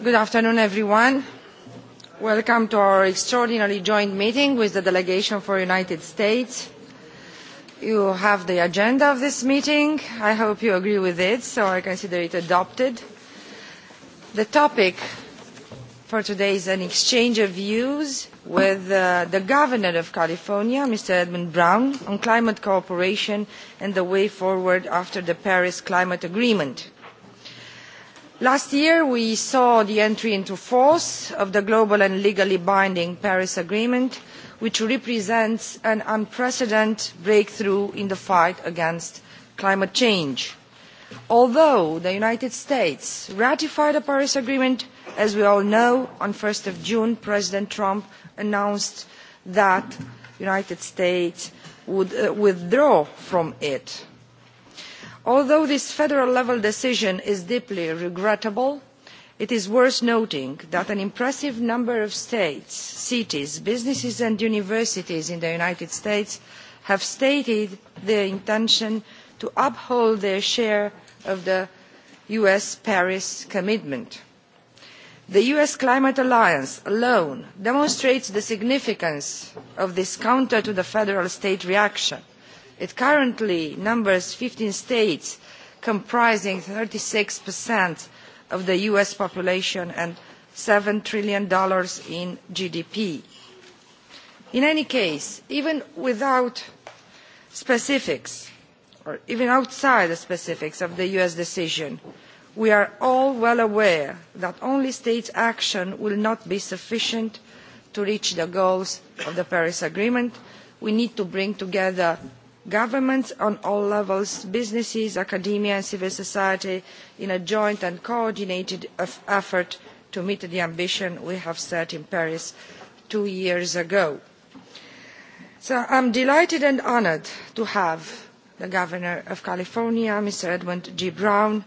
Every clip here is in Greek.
Good afternoon, everyone. Welcome to our extraordinary joint meeting with the delegation for United States. You have the agenda of this meeting. I hope you agree with it, so I consider it adopted. The topic for today is an exchange of views with the Governor of California, Mr. Edmund Brown, on climate cooperation and the way forward after the Paris Climate Agreement Last year we saw the entry into force of the global and legally binding Paris Agreement, which represents an unprecedented breakthrough in the fight against climate change. Although the United States ratified the Paris Agreement, as we all know, on 1 June President Trump announced that the United States would withdraw from it although this federal level decision is deeply regrettable it is worth noting that an impressive number of states cities businesses and universities in the united states have stated their intention to uphold their share of the us paris commitment. the us climate alliance alone demonstrates the significance of this counter to the federal state reaction. It currently numbers fifteen states comprising thirty 36% of the U.S. population and seven trillion dollars in GDP. In any case, even without specifics, or even outside the specifics of the U.S. decision, we are all well aware that only state action will not be sufficient to reach the goals of the Paris Agreement. We need to bring together governments on all levels businesses academia and civil society in a joint and coordinated effort to meet the ambition we have set in paris two years ago. so i am delighted and honoured to have the governor of california mr edmund g. brown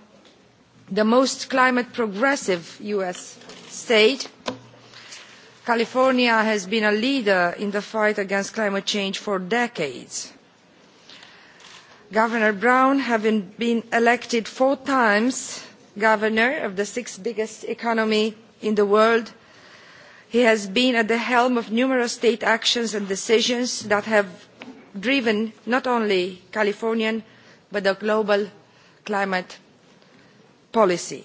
the most climate progressive us state california has been a leader in the fight against climate change for decades Governor Brown, having been elected four times governor of the sixth biggest economy in the world, he has been at the helm of numerous state actions and decisions that have driven not only Californian but the global climate policy.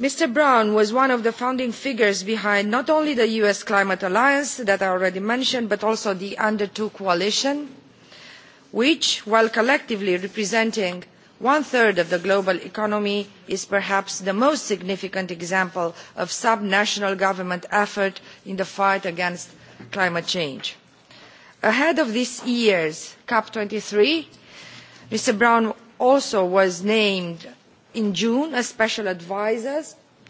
Mr Brown was one of the founding figures behind not only the US Climate Alliance that I already mentioned, but also the Under Two Coalition which, while collectively representing one third of the global economy, is perhaps the most significant example of subnational government effort in the fight against climate change. Ahead of this year's COP three, Mr. Brown also was named in June as special adviser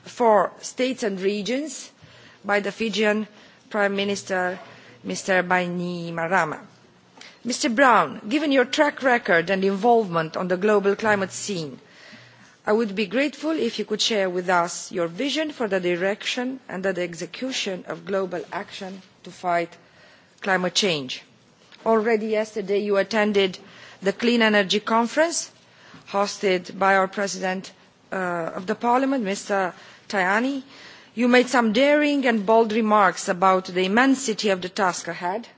for states and regions by the Fijian Prime Minister, Mr. Bainimarama. Mr Brown, given your track record and involvement on the global climate scene, I would be grateful if you could share with us your vision for the direction and the execution of global action to fight climate change. Already yesterday you attended the Clean Energy Conference hosted by our President of the Parliament, Mr Tajani. You made some daring and bold remarks about the immensity of the task ahead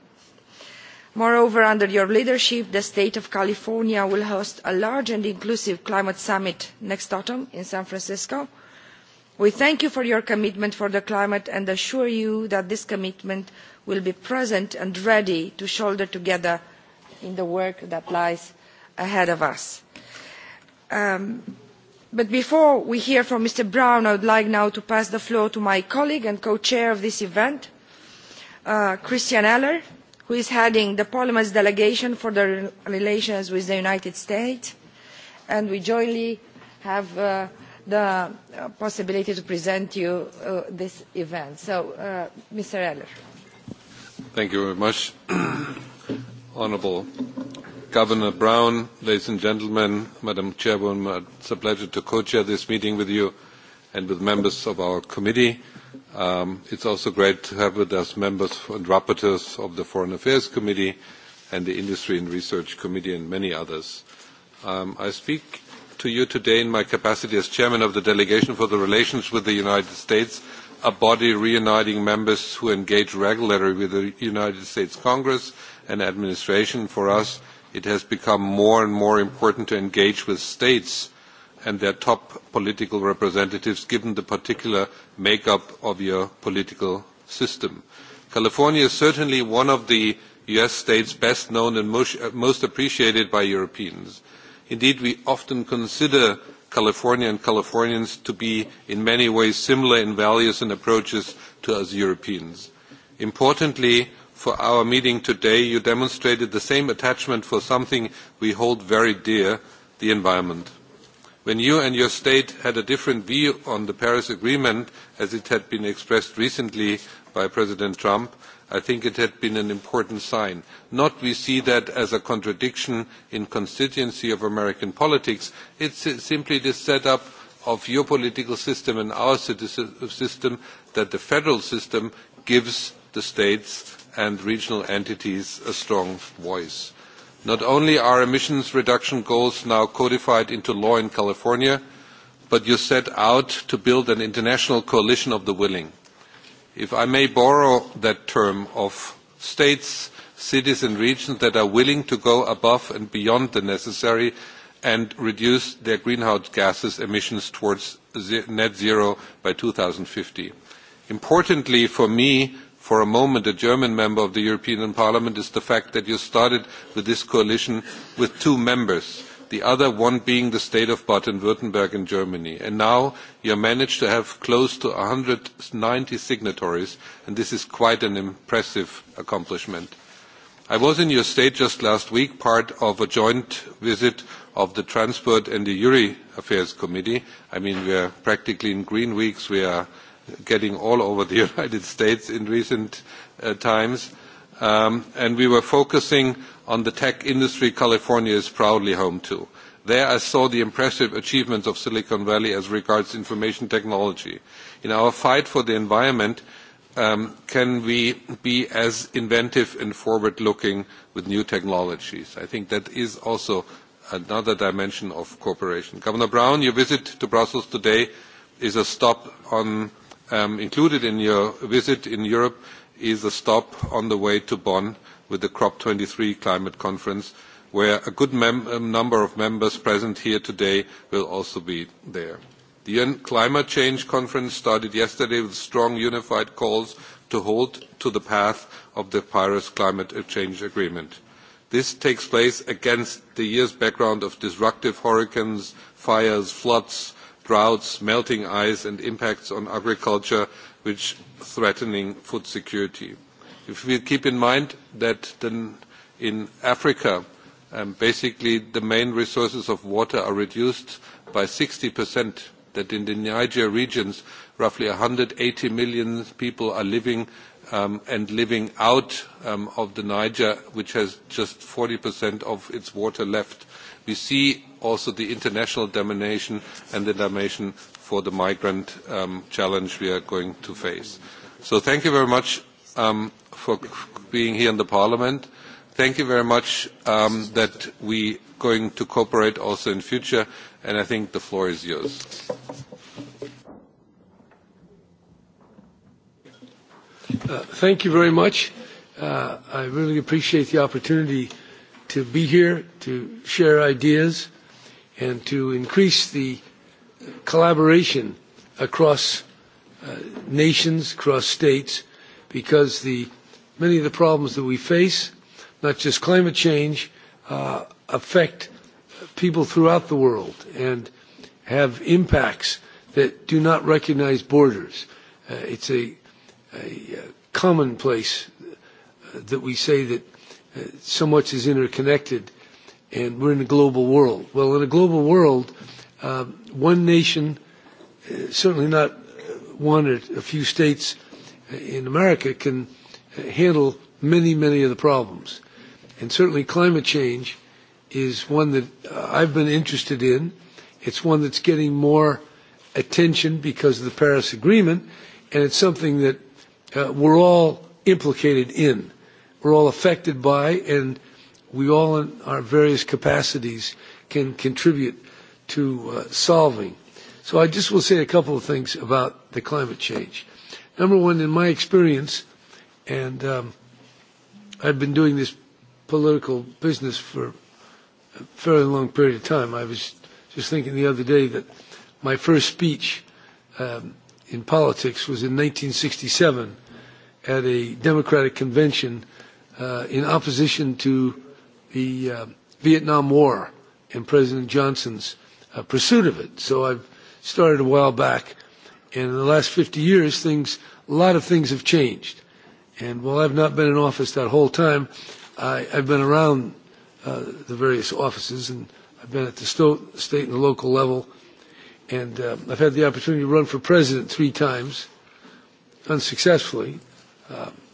Moreover, under your leadership, the state of California will host a large and inclusive climate summit next autumn in San Francisco. We thank you for your commitment for the climate and assure you that this commitment will be present and ready to shoulder together in the work that lies ahead of us. But before we hear from Mr. Brown, I would like now to pass the floor to my colleague and co-chair of this event, Christian Eller who is heading the Parliament's delegation for the relations with the United States, and we jointly have the possibility to present you this event. So, Mr. Eller. Thank you very much. Honourable Governor Brown, ladies and gentlemen, Madam Chairwoman, it's a pleasure to co-chair this meeting with you and with members of our committee. It's also great to have with us members and rapporteurs of the Foreign Affairs Committee and the Industry and Research Committee and many others. I speak to you today in my capacity as chairman of the Delegation for the Relations with the United States, a body reuniting members who engage regularly with the United States Congress and administration. For us, it has become more and more important to engage with states and their top political representatives, given the particular make-up of your political system. California is certainly one of the US states best known and most appreciated by Europeans. Indeed, we often consider California and Californians to be in many ways similar in values and approaches to us Europeans. Importantly, for our meeting today, you demonstrated the same attachment for something we hold very dear, the environment. When you and your state had a different view on the Paris Agreement, as it had been expressed recently by President Trump, I think it had been an important sign. Not we see that as a contradiction in constituency of American politics. It's simply the setup of your political system and our system that the federal system gives the states and regional entities a strong voice. Not only are emissions reduction goals now codified into law in California, but you set out to build an international coalition of the willing. If I may borrow that term of states, cities and regions that are willing to go above and beyond the necessary and reduce their greenhouse gases emissions towards net zero by 2050. Importantly for me, for a moment a German member of the European Parliament is the fact that you started with this coalition with two members, the other one being the state of Baden-Württemberg in Germany. And now you managed to have close to 190 signatories, and this is quite an impressive accomplishment. I was in your state just last week, part of a joint visit of the Transport and the Uri Affairs Committee. I mean, we are practically in green weeks. We are getting all over the United States in recent times. And we were focusing on the tech industry California is proudly home to. There I saw the impressive achievements of Silicon Valley as regards information technology. In our fight for the environment, can we be as inventive and forward-looking with new technologies? I think that is also another dimension of cooperation. Governor Brown, your visit to Brussels today is a stop on Included in your visit in Europe is a stop on the way to Bonn with the COP23 climate conference, where a good number of members present here today will also be there. The UN Climate Change Conference started yesterday with strong unified calls to hold to the path of the Paris Climate Change Agreement. This takes place against the year's background of disruptive hurricanes, fires, floods, droughts, melting ice and impacts on agriculture which threatening food security. If we keep in mind that in Africa basically the main resources of water are reduced by 60%, that in the Niger regions roughly 180 million people are living and living out of the Niger, which has just 40% of its water left. We see also the international domination and the dimension for the migrant challenge we are going to face. So thank you very much for being here in the Parliament. Thank you very much that we are going to cooperate also in future, and I think the floor is yours. Thank you very much. I really appreciate the opportunity to be here, to share ideas, and to increase the collaboration across nations, across states, because the many of the problems that we face, not just climate change, affect people throughout the world and have impacts that do not recognize borders. It's a commonplace that we say that so much is interconnected and we're in a global world. Well, in a global world, one nation, certainly not one or a few states in America, can handle many, many of the problems. And certainly climate change is one that I've been interested in. It's one that's getting more attention because of the Paris Agreement, and it's something that we're all implicated in we're all affected by and we all in our various capacities can contribute to solving. So I just will say a couple of things about the climate change. Number one, in my experience, and I've been doing this political business for a fairly long period of time. I was just thinking the other day that my first speech in politics was in 1967 at a Democratic convention in opposition to the Vietnam War and President Johnson's pursuit of it. So I've started a while back. And in the last 50 years, things, a lot of things have changed. And while I've not been in office that whole time, I, I've been around the various offices and I've been at the state and the local level. And I've had the opportunity to run for president three times, unsuccessfully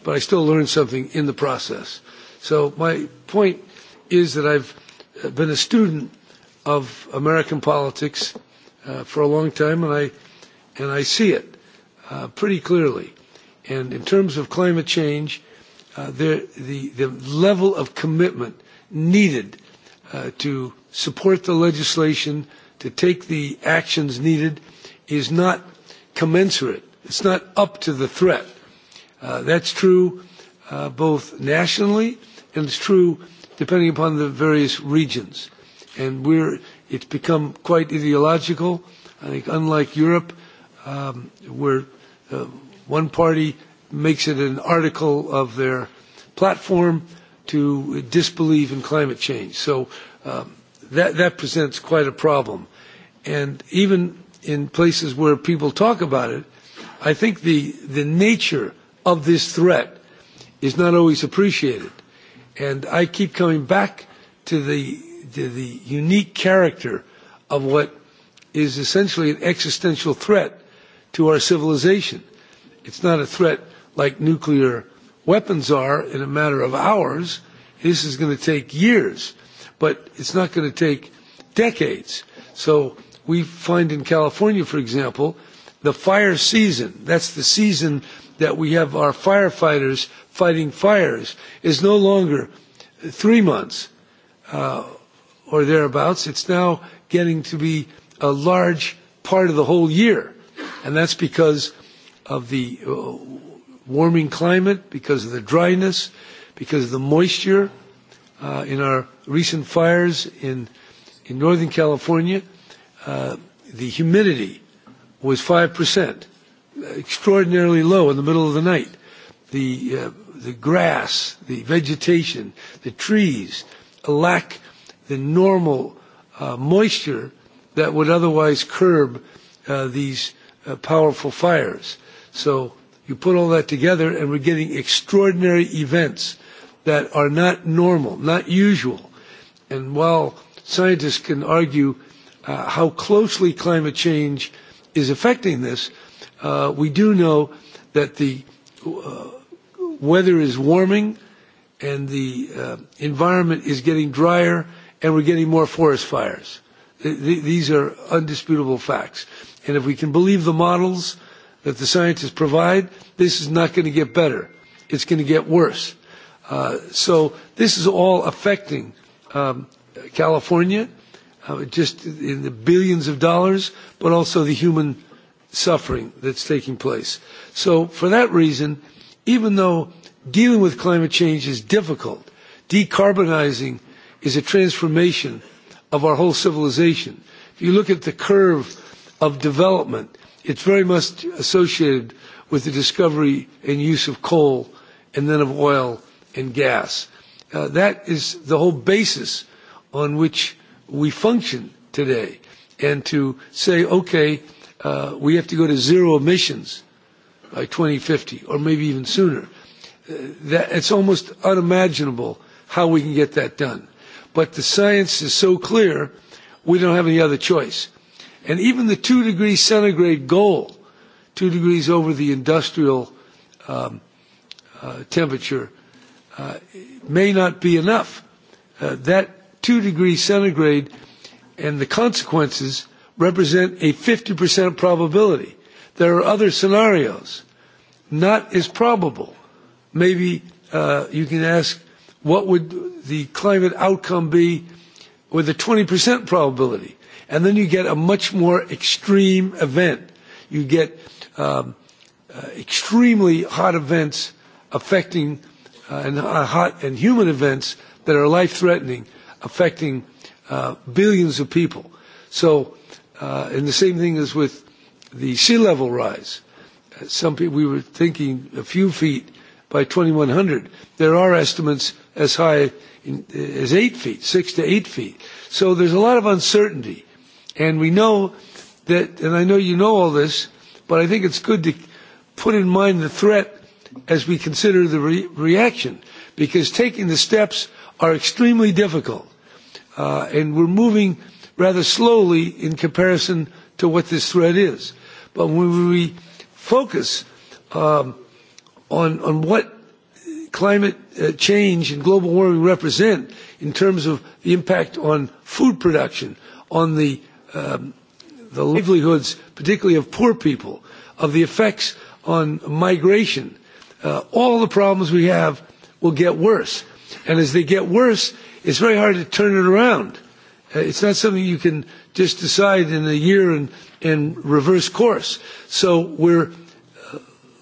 but I still learned something in the process. So my point is that I've been a student of American politics for a long time, and I and I see it pretty clearly. And in terms of climate change, the the level of commitment needed to support the legislation, to take the actions needed, is not commensurate. It's not up to the threat That's true both nationally and it's true depending upon the various regions. And we're it's become quite ideological. I think unlike Europe, where one party makes it an article of their platform to disbelieve in climate change. So that that presents quite a problem. And even in places where people talk about it, I think the the nature of this threat is not always appreciated. And I keep coming back to the the unique character of what is essentially an existential threat to our civilization. It's not a threat like nuclear weapons are in a matter of hours. This is going to take years, but it's not going to take decades. So we find in California, for example, the fire season, that's the season that we have our firefighters fighting fires is no longer three months or thereabouts. It's now getting to be a large part of the whole year. And that's because of the warming climate, because of the dryness, because of the moisture in our recent fires in in Northern California. The humidity was 5% extraordinarily low in the middle of the night. The the grass, the vegetation, the trees lack the normal moisture that would otherwise curb these powerful fires. So you put all that together and we're getting extraordinary events that are not normal, not usual. And while scientists can argue how closely climate change is affecting this, we do know that the weather is warming and the environment is getting drier and we're getting more forest fires. These are undisputable facts. And if we can believe the models that the scientists provide, this is not going to get better. It's going to get worse. So this is all affecting California, just in the billions of dollars, but also the human suffering that's taking place. So for that reason, even though dealing with climate change is difficult, decarbonizing is a transformation of our whole civilization. If you look at the curve of development, it's very much associated with the discovery and use of coal and then of oil and gas. That is the whole basis on which we function today. And to say, okay, we have to go to zero emissions by 2050 or maybe even sooner. It's almost unimaginable how we can get that done. But the science is so clear, we don't have any other choice. And even the two degree centigrade goal, two degrees over the industrial temperature, may not be enough. That two degrees centigrade and the consequences represent a 50% probability. There are other scenarios. Not as probable. Maybe you can ask what would the climate outcome be with a 20% probability. And then you get a much more extreme event. You get extremely hot events affecting and hot and human events that are life-threatening affecting billions of people. So And the same thing is with the sea level rise. Some people, we were thinking a few feet by 2100. There are estimates as high as eight feet, six to eight feet. So there's a lot of uncertainty. And we know that, and I know you know all this, but I think it's good to put in mind the threat as we consider the reaction, because taking the steps are extremely difficult. And we're moving rather slowly in comparison to what this threat is. But when we focus on what climate change and global warming represent in terms of the impact on food production, on the livelihoods, particularly of poor people, of the effects on migration, all the problems we have will get worse. And as they get worse, it's very hard to turn it around It's not something you can just decide in a year and reverse course. So we're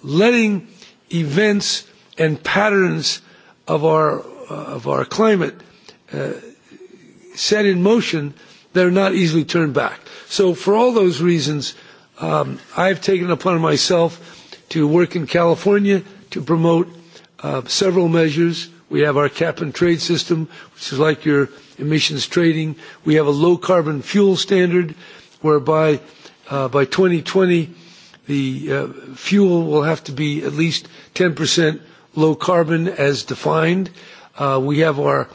letting events and patterns of our of our climate set in motion that are not easily turned back. So for all those reasons, I've taken upon myself to work in California to promote several measures. We have our cap and trade system, which is like your emissions trading. We have a low carbon fuel standard whereby by 2020 the fuel will have to be at least 10% low carbon as defined. We have our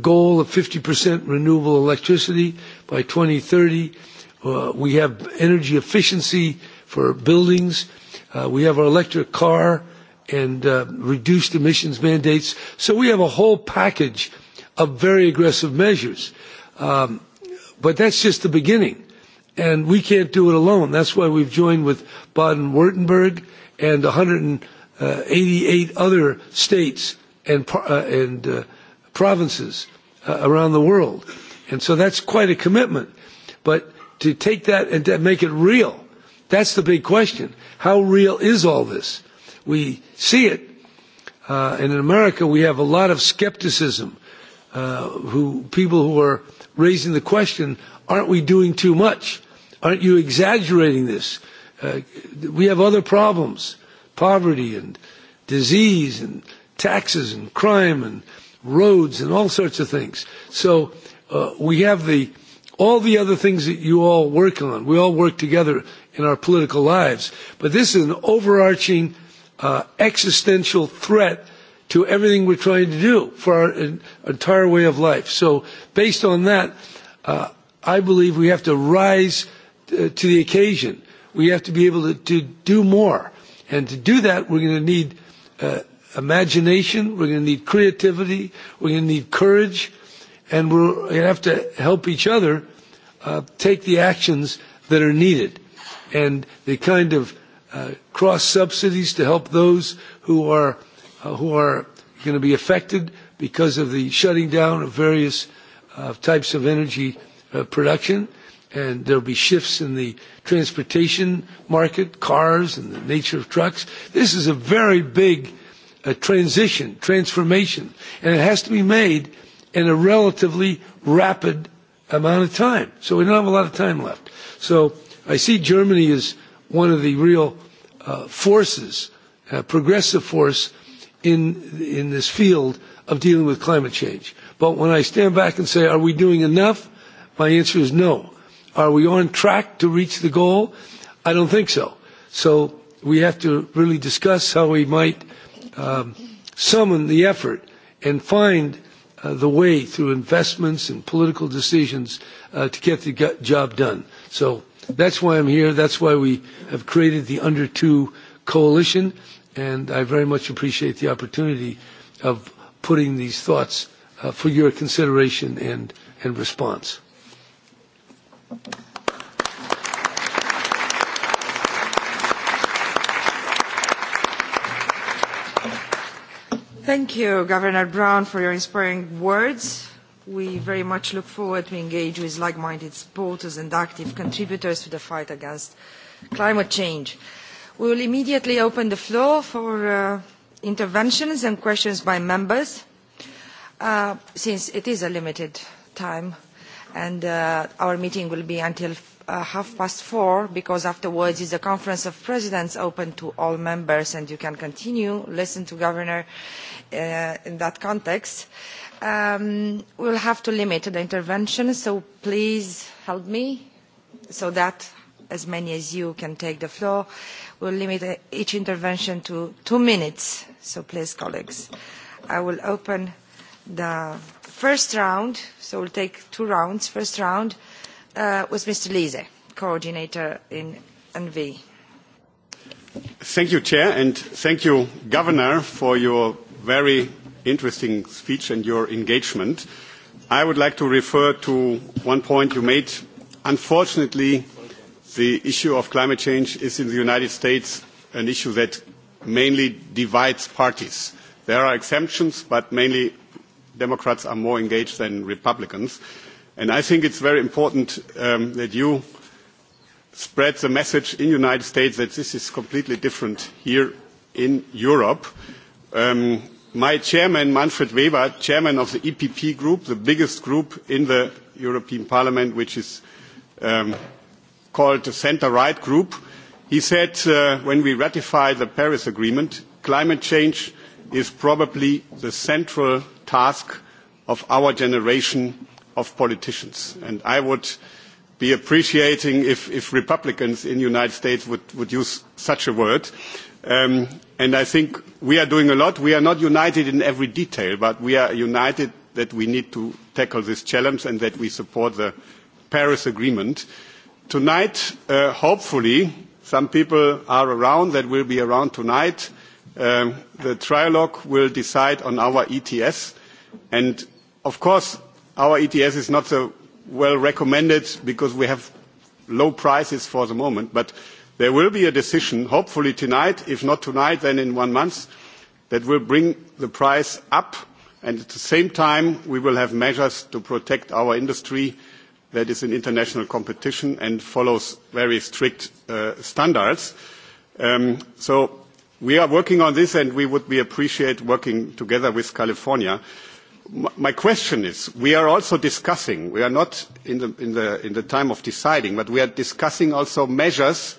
goal of 50% renewable electricity by 2030. We have energy efficiency for buildings. We have our electric car and reduced emissions mandates. So we have a whole package of very aggressive measures. But that's just the beginning. And we can't do it alone. That's why we've joined with Baden-Württemberg and 188 other states and provinces around the world. And so that's quite a commitment. But to take that and to make it real, that's the big question. How real is all this? We see it. And in America, we have a lot of skepticism who people who are raising the question, aren't we doing too much? Aren't you exaggerating this? We have other problems, poverty and disease and taxes and crime and roads and all sorts of things. So we have the all the other things that you all work on. We all work together in our political lives. But this is an overarching existential threat to everything we're trying to do for our entire way of life. So based on that, I believe we have to rise to the occasion. We have to be able to do more. And to do that, we're going to need imagination, we're going to need creativity, we're going to need courage, and we're going to have to help each other take the actions that are needed. And the kind of cross-subsidies to help those who are who are going to be affected because of the shutting down of various types of energy production and there will be shifts in the transportation market cars and the nature of trucks. this is a very big transition transformation and it has to be made in a relatively rapid amount of time so we don't have a lot of time left. so i see germany as one of the real forces a progressive force in in this field of dealing with climate change. But when I stand back and say, are we doing enough? My answer is no. Are we on track to reach the goal? I don't think so. So we have to really discuss how we might summon the effort and find the way through investments and political decisions to get the job done. So that's why I'm here. That's why we have created the Under Two Coalition and I very much appreciate the opportunity of putting these thoughts for your consideration and and response. Thank you, Governor Brown, for your inspiring words. We very much look forward to engage with like-minded supporters and active contributors to the fight against climate change. We will immediately open the floor for interventions and questions by members, since it is a limited time and our meeting will be until half past four because afterwards is a conference of presidents open to all members and you can continue listen to governor in that context we will have to limit the intervention so please help me so that as many as you can take the floor. we will limit each intervention to two minutes, so please, colleagues. I will open the first round, so we'll take two rounds. First round was Mr. Lise, coordinator in NV. Thank you, Chair, and thank you, Governor, for your very interesting speech and your engagement. I would like to refer to one point you made. Unfortunately, the issue of climate change is in the United States an issue that mainly divides parties. There are exemptions, but mainly Democrats are more engaged than Republicans. And I think it's very important that you spread the message in the United States that this is completely different here in Europe. My chairman, Manfred Weber, chairman of the EPP group, the biggest group in the European Parliament, which is called the centre right group he said when we ratify the paris agreement climate change is probably the central task of our generation of politicians and i would be appreciating if republicans in the united states would use such a word and i think we are doing a lot we are not united in every detail but we are united that we need to tackle this challenge and that we support the paris agreement Tonight, hopefully, some people are around that will be around tonight. The trilogue will decide on our ETS. And, of course, our ETS is not so well recommended because we have low prices for the moment. But there will be a decision, hopefully tonight, if not tonight, then in one month, that will bring the price up. And at the same time, we will have measures to protect our industry that is in international competition and follows very strict standards. So we are working on this and we would appreciate working together with California. My question is, we are also discussing, we are not in the time of deciding, but we are discussing also measures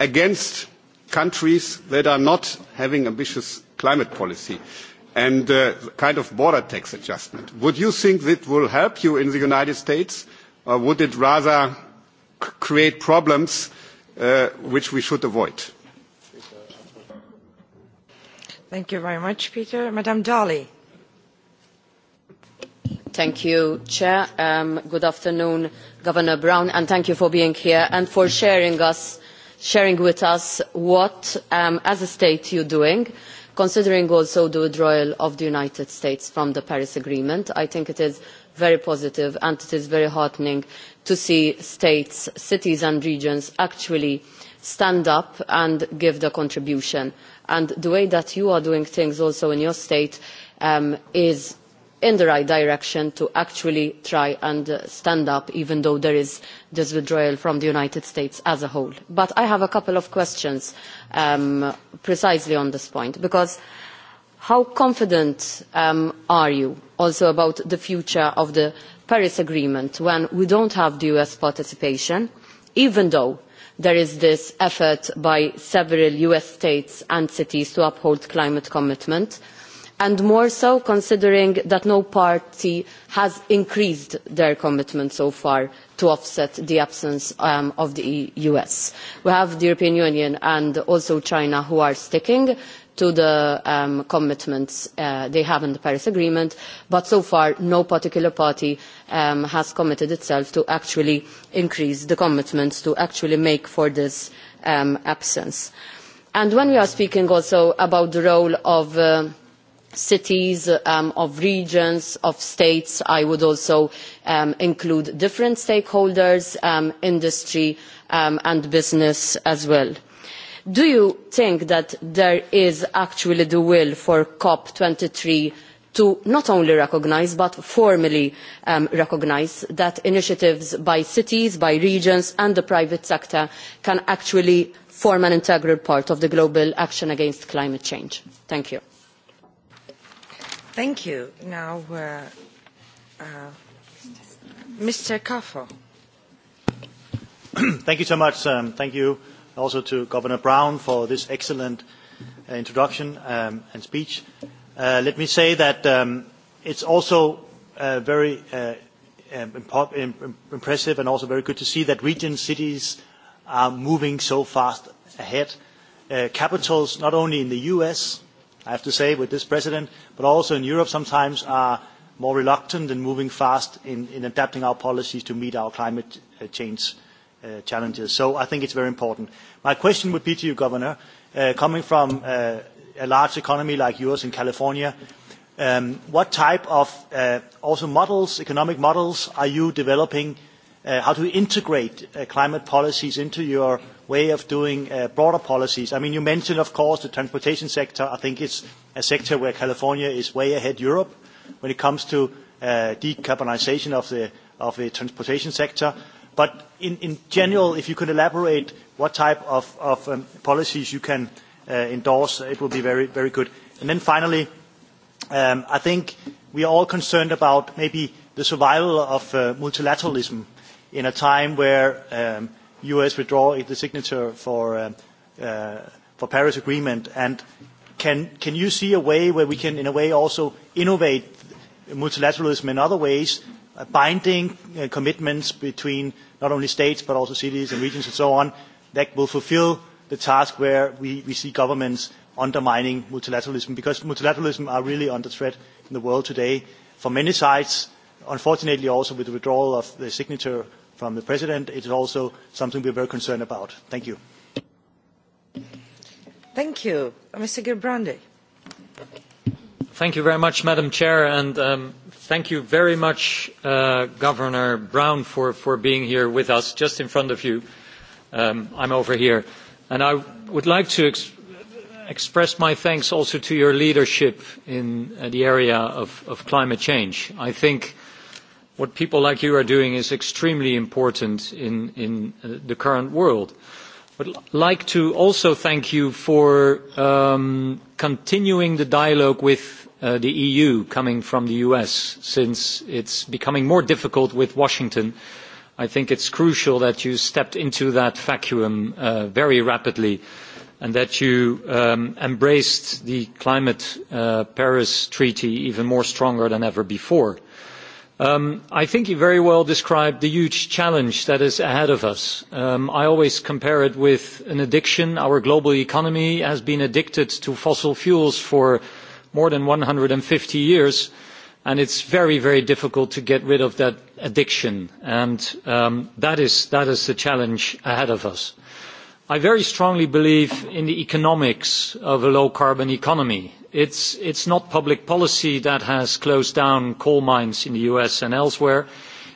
against countries that are not having ambitious climate policy and kind of border tax adjustment. Would you think that will help you in the United States? or would it rather create problems which we should avoid? Thank you very much, Peter. Madam Thank you, Chair. Good afternoon, Governor Brown, and thank you for being here and for sharing with us what, as a state, you're doing, considering also the withdrawal of the United States from the Paris Agreement. I think it is very positive and it is very heartening to see states, cities and regions actually stand up and give their contribution. the way that you are doing things also in your state is in the right direction to actually try and stand up even though there is this withdrawal from the United States as a whole. But I have a couple of questions precisely on this point because How confident are you also about the future of the Paris Agreement when we don't have the US participation, even though there is this effort by several US states and cities to uphold climate commitment, and more so considering that no party has increased their commitment so far to offset the absence of the US. We have the European Union and also China who are sticking to the commitments they have in the Paris Agreement, but so far no particular party has committed itself to actually increase the commitments to actually make for this absence. And when we are speaking also about the role of cities, of regions, of states, I would also include different stakeholders, industry and business as well do you think that there is actually the will for cop twenty three to not only recognise but formally recognise that initiatives by cities by regions and the private sector can actually form an integral part of the global action against climate change? thank you. Thank you. Now, Mr. Thank you so much. Thank you also to Governor Brown for this excellent introduction and speech. Let me say that it's also very impressive and also very good to see that region cities are moving so fast ahead. Capitals, not only in the U.S., I have to say, with this president, but also in Europe sometimes are more reluctant in moving fast in adapting our policies to meet our climate change challenges. So I think it's very important. My question would be to you, Governor, coming from a large economy like yours in California, what type of also models, economic models, are you developing? How to integrate climate policies into your way of doing broader policies? I mean, you mentioned, of course, the transportation sector. I think it's a sector where California is way ahead Europe when it comes to decarbonisation of the transportation sector. But in general, if you could elaborate what type of policies you can endorse, it will be very, good. And then finally, I think we are all concerned about maybe the survival of multilateralism in a time where U.S. withdraw the signature for the Paris Agreement. And can you see a way where we can, in a way, also innovate multilateralism in other ways binding commitments between not only states but also cities and regions and so on that will fulfill the task where we see governments undermining multilateralism because multilateralism are really under threat in the world today from many sides. Unfortunately also with the withdrawal of the signature from the President it is also something we are very concerned about. Thank you. Thank you. Mr. Thank you very much, Madam Chair, and thank you very much, Governor Brown, for being here with us, just in front of you. I'm over here. And I would like to express my thanks also to your leadership in the area of climate change. I think what people like you are doing is extremely important in the current world would like to also thank you for continuing the dialogue with the EU coming from the US since it's becoming more difficult with Washington. I think it's crucial that you stepped into that vacuum very rapidly and that you embraced the climate Paris Treaty even more stronger than ever before. I think you very well described the huge challenge that is ahead of us. I always compare it with an addiction. Our global economy has been addicted to fossil fuels for more than 150 years, and it's very, very difficult to get rid of that addiction. And that is the challenge ahead of us. I very strongly believe in the economics of a low-carbon economy It's not public policy that has closed down coal mines in the U.S. and elsewhere.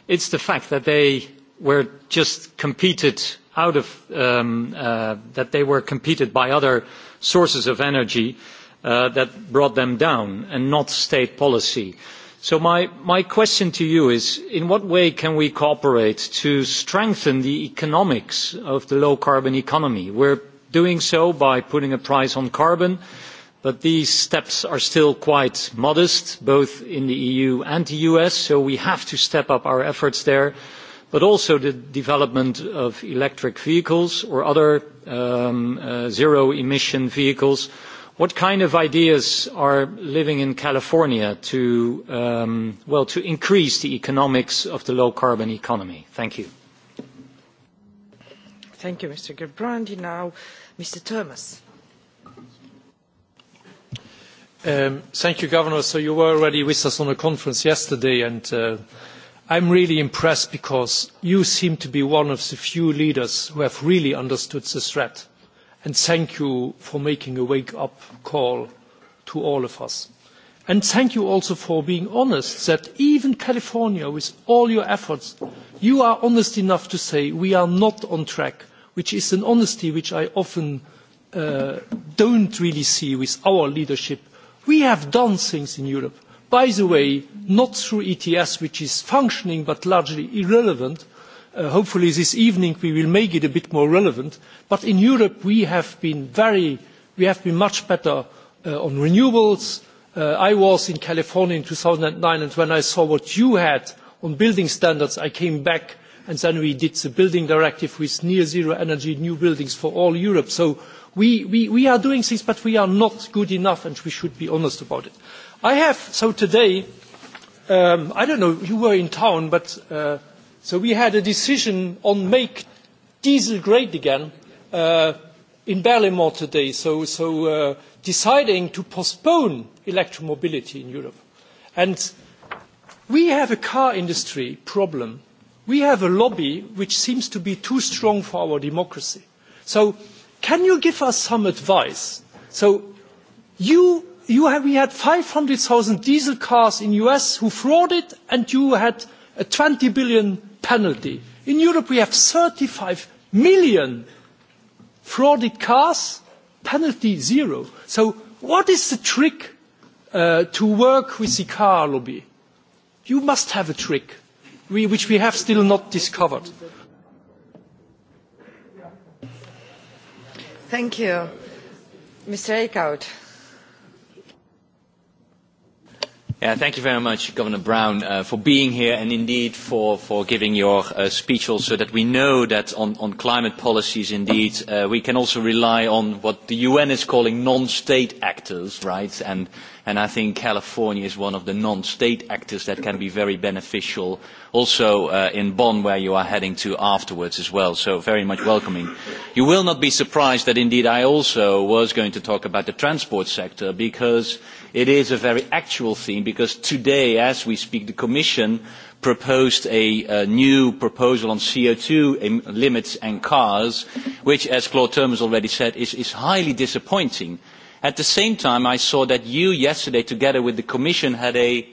It's the fact that they were just competed out of that they were competed by other sources of energy that brought them down and not state policy. So my question to you is, in what way can we cooperate to strengthen the economics of the low-carbon economy? We're doing so by putting a price on carbon but these steps are still quite modest both in the eu and the us so we have to step up our efforts there but also the development of electric vehicles or other zero emission vehicles what kind of ideas are living in california to increase the economics of the low carbon economy thank you thank you mr Gerbrandi. now mr thomas Thank you, Governor. So you were already with us on a conference yesterday, and I'm really impressed because you seem to be one of the few leaders who have really understood the threat. And thank you for making a wake-up call to all of us. And thank you also for being honest that even California, with all your efforts, you are honest enough to say we are not on track, which is an honesty which I often don't really see with our leadership We have done things in Europe, by the way, not through ETS, which is functioning but largely irrelevant. Hopefully this evening we will make it a bit more relevant. But in Europe we have been very, we have been much better on renewables. I was in California in 2009 and when I saw what you had on building standards, I came back and then we did the building directive with near zero energy new buildings for all Europe. So we are doing things, but we are not good enough, and we should be honest about it. I have, so today, I don't know, you were in town, but so we had a decision on make diesel great again in Berlaymont today, so deciding to postpone electromobility in Europe. And we have a car industry problem we have a lobby which seems to be too strong for our democracy. So can you give us some advice? So you we had 500,000 diesel cars in the US who frauded and you had a 20 billion penalty. In Europe we have 35 million frauded cars, penalty zero. So what is the trick to work with the car lobby? You must have a trick which we have still not discovered. Thank you. Mr. Eickhout. Thank you very much, Governor Brown, for being here and indeed for for giving your speech also that we know that on climate policies indeed we can also rely on what the UN is calling non-state actors, right? And I think California is one of the non-state actors that can be very beneficial also in Bonn where you are heading to afterwards as well, so very much welcoming. You will not be surprised that indeed I also was going to talk about the transport sector because It is a very actual theme because today, as we speak, the Commission proposed a new proposal on CO2 limits and cars, which, as Claude Turmes already said, is highly disappointing. At the same time, I saw that you yesterday, together with the Commission, had a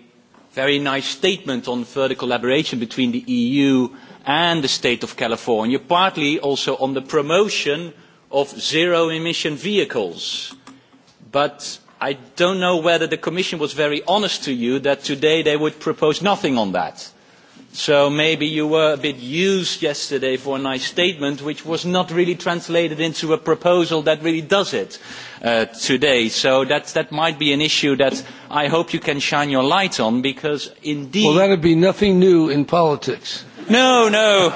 very nice statement on further collaboration between the EU and the state of California, partly also on the promotion of zero-emission vehicles. But I don't know whether the Commission was very honest to you that today they would propose nothing on that. So maybe you were a bit used yesterday for a nice statement which was not really translated into a proposal that really does it today. So that might be an issue that I hope you can shine your light on because indeed... Well, that would be nothing new in politics. No, no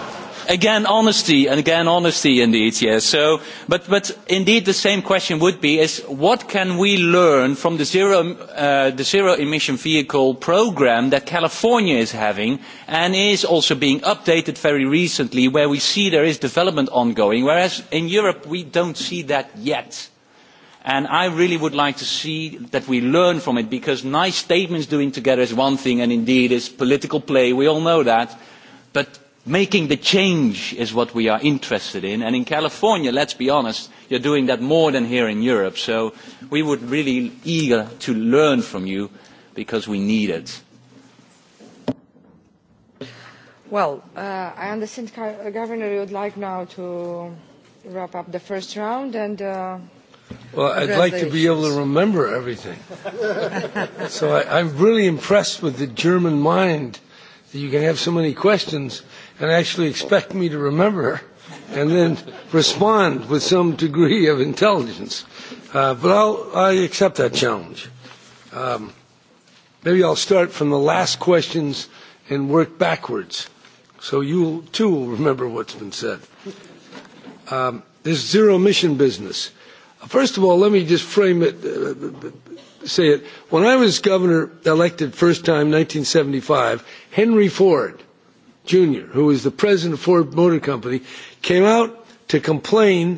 Again, honesty, and again, honesty indeed, yes. So, but, but indeed the same question would be is what can we learn from the zero, the zero emission vehicle program that California is having and is also being updated very recently where we see there is development ongoing, whereas in Europe we don't see that yet. And I really would like to see that we learn from it because nice statements doing together is one thing and indeed is political play, we all know that. But making the change is what we are interested in and in california let's be honest you're doing that more than here in europe so we would really eager to learn from you because we need it well i understand governor you would like now to wrap up the first round and well i'd like to be able to remember everything so i'm really impressed with the german mind that you can have so many questions and actually expect me to remember and then respond with some degree of intelligence. But I accept that challenge. Maybe I'll start from the last questions and work backwards, so you too will remember what's been said. This zero mission business. First of all, let me just frame it, say it. When I was governor elected first time, in 1975, Henry Ford Jr., who is the president of Ford Motor Company, came out to complain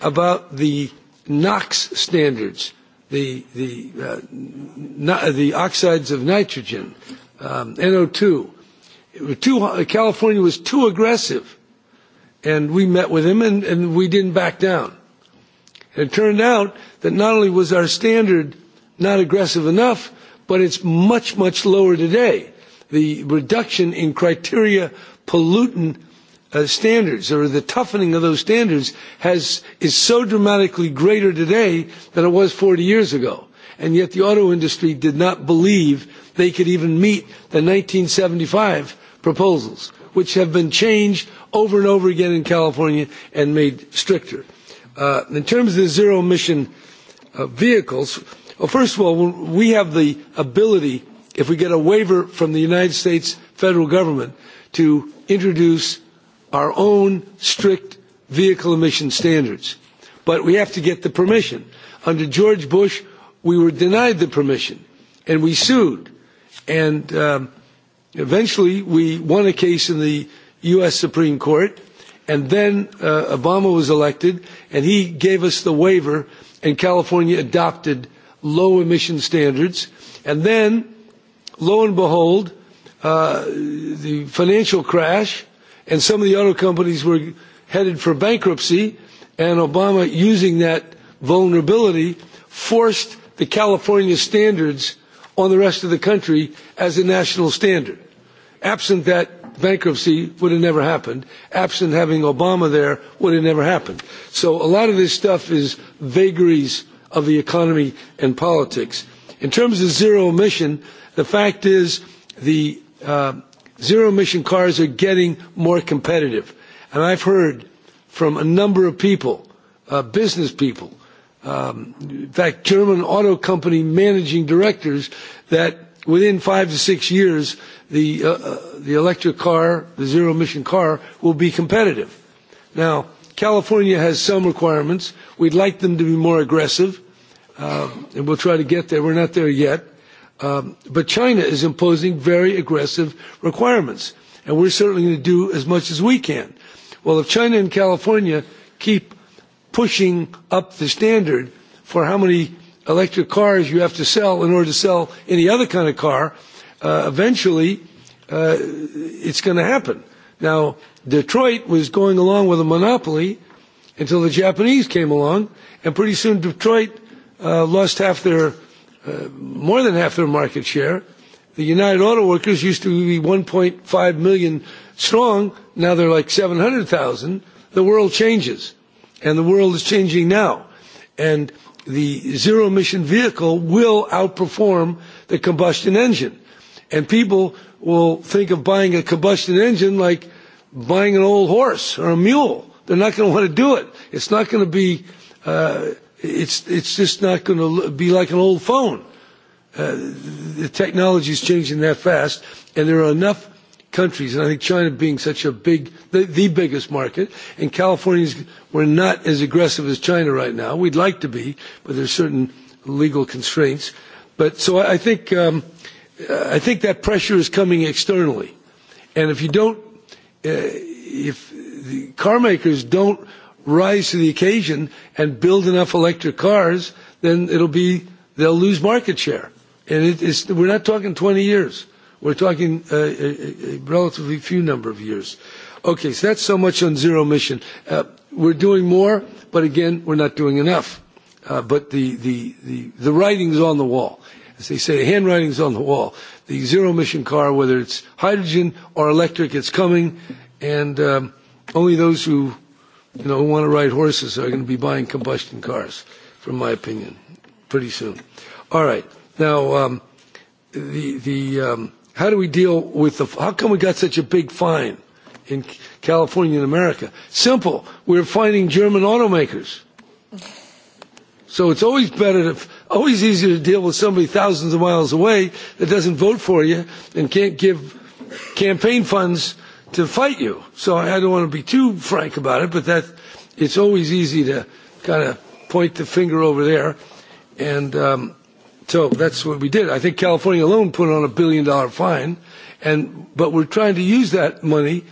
about the NOx standards, the the oxides of nitrogen, NO2. California was too aggressive, and we met with him and we didn't back down. It turned out that not only was our standard not aggressive enough, but it's much, much lower today the reduction in criteria pollutant standards or the toughening of those standards is so dramatically greater today than it was 40 years ago and yet the auto industry did not believe they could even meet the 1975 proposals which have been changed over and over again in California and made stricter in terms of the zero emission vehicles first of all we have the ability if we get a waiver from the United States federal government to introduce our own strict vehicle emission standards. But we have to get the permission. Under George Bush, we were denied the permission, and we sued. And eventually, we won a case in the U.S. Supreme Court, and then Obama was elected, and he gave us the waiver, and California adopted low emission standards. And then lo and behold, the financial crash and some of the auto companies were headed for bankruptcy, and Obama, using that vulnerability, forced the California standards on the rest of the country as a national standard. Absent that bankruptcy would have never happened. Absent having Obama there would have never happened. So a lot of this stuff is vagaries of the economy and politics. In terms of zero emission, the fact is the zero emission cars are getting more competitive. And I've heard from a number of people, business people, in fact, German auto company managing directors, that within five to six years, the electric car, the zero emission car, will be competitive. Now, California has some requirements. We'd like them to be more aggressive and we'll try to get there. We're not there yet. But China is imposing very aggressive requirements, and we're certainly going to do as much as we can. Well, if China and California keep pushing up the standard for how many electric cars you have to sell in order to sell any other kind of car, eventually it's going to happen. Now, Detroit was going along with a monopoly until the Japanese came along, and pretty soon Detroit lost half their more than half their market share. The United Auto Workers used to be 1.5 million strong. Now they're like 700,000. The world changes, and the world is changing now. And the zero-emission vehicle will outperform the combustion engine. And people will think of buying a combustion engine like buying an old horse or a mule. They're not going to want to do it. It's not going to be it's it's just not going to be like an old phone. The technology is changing that fast, and there are enough countries, and I think China being such a big, the biggest market, and Californians we're not as aggressive as China right now. We'd like to be, but there's certain legal constraints. But so I think I think that pressure is coming externally, and if you don't, if the car makers don't rise to the occasion and build enough electric cars, then it'll be they'll lose market share. And it is we're not talking 20 years. We're talking a relatively few number of years. Okay, so that's so much on zero emission. We're doing more, but again, we're not doing enough. But the the the the writing's on the wall. As they say, the handwriting's on the wall. The zero emission car, whether it's hydrogen or electric, it's coming, and only those who you know, who want to ride horses are going to be buying combustion cars, from my opinion, pretty soon. All right. Now, um, the, the, um, how do we deal with the, how come we got such a big fine in California and America? Simple. We're finding German automakers. So it's always better to, always easier to deal with somebody thousands of miles away that doesn't vote for you and can't give campaign funds to fight you. So I don't want to be too frank about it, but that it's always easy to kind of point the finger over there. And so that's what we did. I think California alone put on a billion dollar fine, and but we're trying to use that money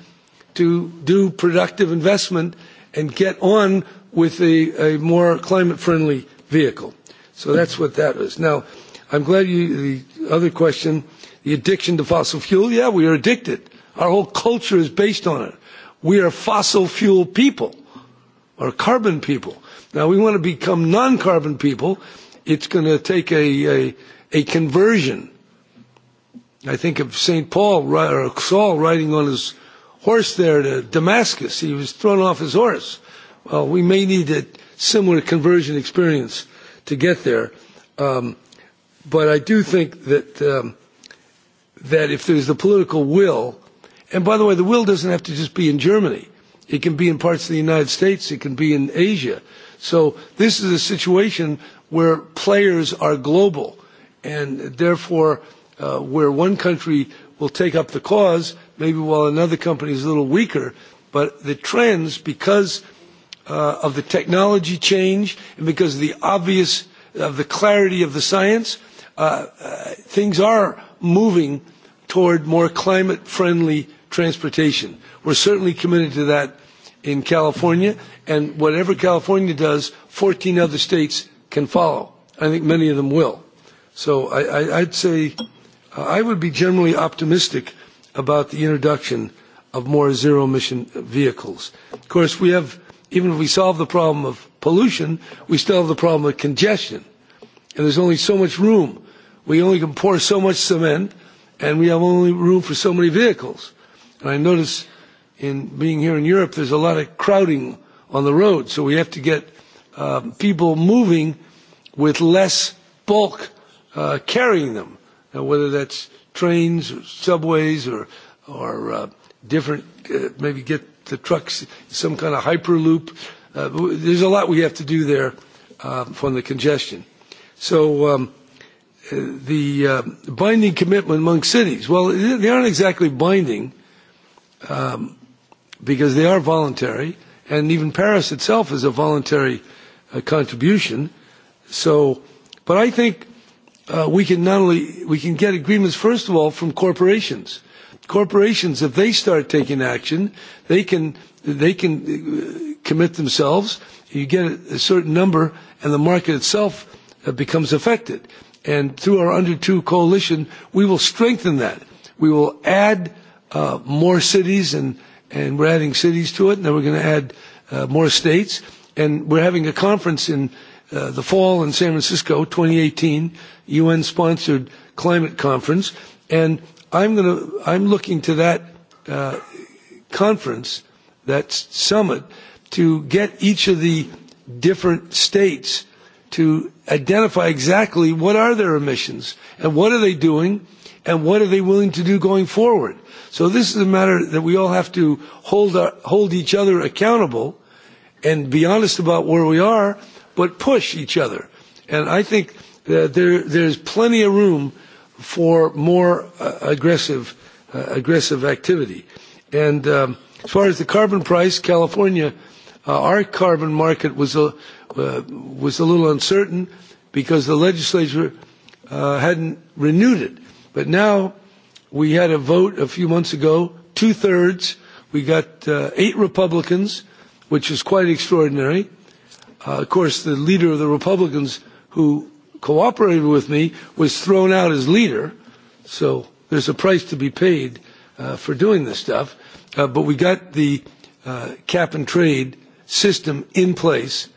to do productive investment and get on with a more climate friendly vehicle. So that's what that is. Now, I'm glad you, the other question, the addiction to fossil fuel. Yeah, we are addicted Our whole culture is based on it. We are fossil fuel people, or carbon people. Now we want to become non-carbon people. It's going to take a a conversion. I think of St. Paul or Saul riding on his horse there to Damascus. He was thrown off his horse. Well, we may need a similar conversion experience to get there. But I do think that that if there's the political will And by the way, the will doesn't have to just be in Germany. It can be in parts of the United States. It can be in Asia. So this is a situation where players are global. And therefore, where one country will take up the cause, maybe while another company is a little weaker. But the trends, because of the technology change and because of the obvious, of the clarity of the science, things are moving toward more climate-friendly transportation. We're certainly committed to that in California, and whatever California does, 14 other states can follow. I think many of them will. So I'd say I would be generally optimistic about the introduction of more zero-emission vehicles. Of course, we have, even if we solve the problem of pollution, we still have the problem of congestion. And there's only so much room. We only can pour so much cement, and we have only room for so many vehicles. And I notice in being here in Europe, there's a lot of crowding on the road. So we have to get people moving with less bulk carrying them. Now, whether that's trains or subways or, or different, maybe get the trucks some kind of hyperloop. There's a lot we have to do there from the congestion. So the binding commitment among cities, well, they aren't exactly binding because they are voluntary, and even Paris itself is a voluntary contribution. So, but I think we can not only we can get agreements first of all from corporations. Corporations, if they start taking action, they can they can commit themselves. You get a certain number, and the market itself becomes affected. And through our under two coalition, we will strengthen that. We will add more cities and and we're adding cities to it and then we're going to add more states and we're having a conference in the fall in San Francisco 2018 UN sponsored climate conference and I'm going to I'm looking to that conference that summit to get each of the different states to identify exactly what are their emissions and what are they doing and what are they willing to do going forward So this is a matter that we all have to hold our hold each other accountable and be honest about where we are, but push each other. And I think that there there's plenty of room for more aggressive aggressive activity. And as far as the carbon price, California, our carbon market was a was a little uncertain because the legislature hadn't renewed it. But now We had a vote a few months ago, two-thirds. We got eight Republicans, which is quite extraordinary. Of course, the leader of the Republicans who cooperated with me was thrown out as leader, so there's a price to be paid for doing this stuff. But we got the cap and trade system in place,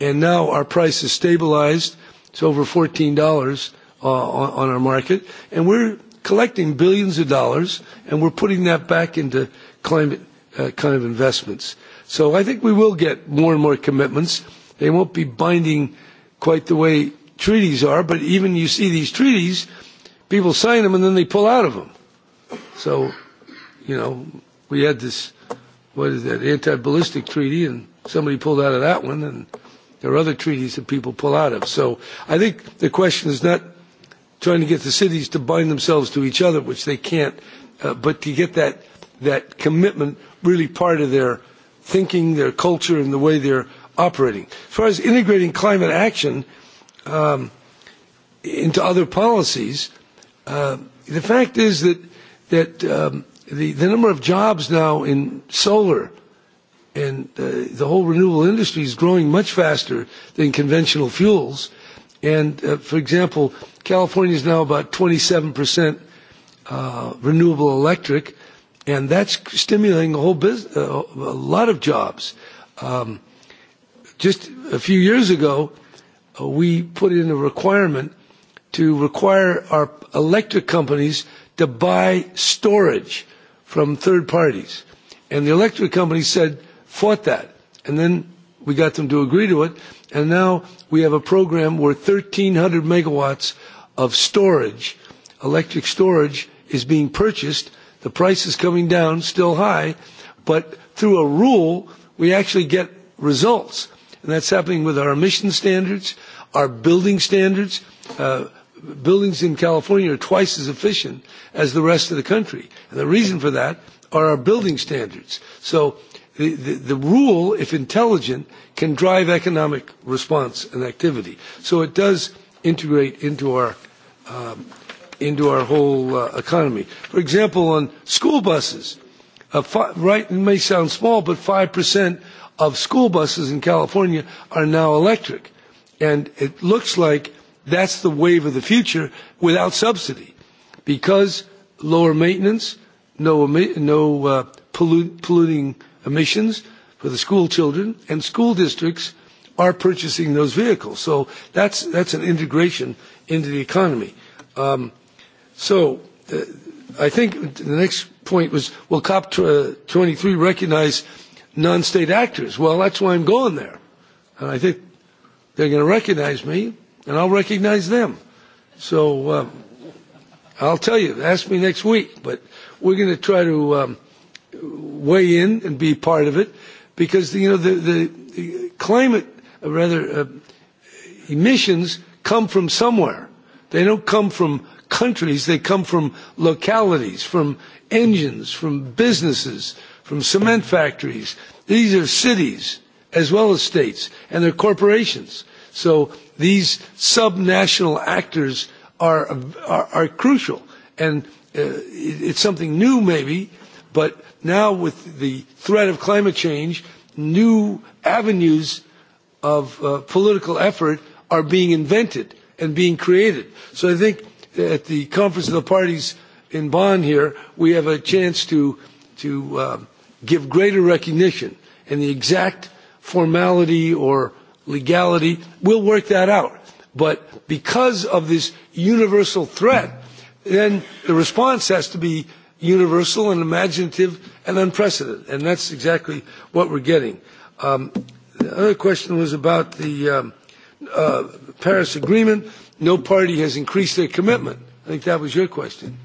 and now our price is stabilized. It's over $14 on our market, and we're collecting billions of dollars and we're putting that back into climate kind of investments. So I think we will get more and more commitments. They won't be binding quite the way treaties are, but even you see these treaties, people sign them and then they pull out of them. So, you know, we had this, what is that, anti-ballistic treaty and somebody pulled out of that one and there are other treaties that people pull out of. So I think the question is not trying to get the cities to bind themselves to each other, which they can't, but to get that that commitment really part of their thinking, their culture, and the way they're operating. As far as integrating climate action into other policies, the fact is that that the the number of jobs now in solar and the whole renewable industry is growing much faster than conventional fuels And for example, California is now about 27% renewable electric, and that's stimulating a whole business, a lot of jobs. Just a few years ago, we put in a requirement to require our electric companies to buy storage from third parties. And the electric companies said, fought that. And then we got them to agree to it. And now we have a program where 1,300 megawatts of storage, electric storage, is being purchased. The price is coming down, still high, but through a rule, we actually get results. And that's happening with our emission standards, our building standards. Buildings in California are twice as efficient as the rest of the country. And the reason for that are our building standards. So The rule, if intelligent, can drive economic response and activity. So it does integrate into our into our whole economy. For example, on school buses, right? It may sound small, but 5% of school buses in California are now electric, and it looks like that's the wave of the future without subsidy, because lower maintenance, no no polluting emissions for the school children, and school districts are purchasing those vehicles. So that's that's an integration into the economy. So I think the next point was, will COP23 recognize non-state actors? Well, that's why I'm going there. And I think they're going to recognize me, and I'll recognize them. So I'll tell you, ask me next week. But we're going to try to weigh in and be part of it because you know the the climate rather emissions come from somewhere they don't come from countries they come from localities from engines from businesses from cement factories these are cities as well as states and they're corporations so these subnational actors are are crucial and it's something new maybe But now with the threat of climate change, new avenues of political effort are being invented and being created. So I think at the Conference of the Parties in Bonn here, we have a chance to to give greater recognition and the exact formality or legality. We'll work that out. But because of this universal threat, then the response has to be universal and imaginative and unprecedented. And that's exactly what we're getting. The other question was about the Paris Agreement. No party has increased their commitment. I think that was your question.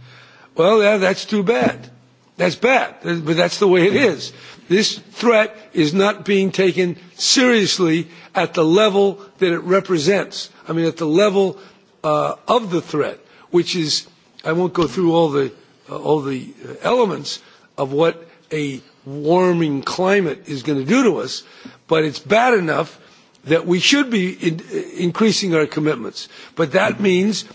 Well, yeah, that's too bad. That's bad, but that's the way it is. This threat is not being taken seriously at the level that it represents. I mean, at the level of the threat, which is, I won't go through all the all the elements of what a warming climate is going to do to us, but it's bad enough that we should be increasing our commitments. But that means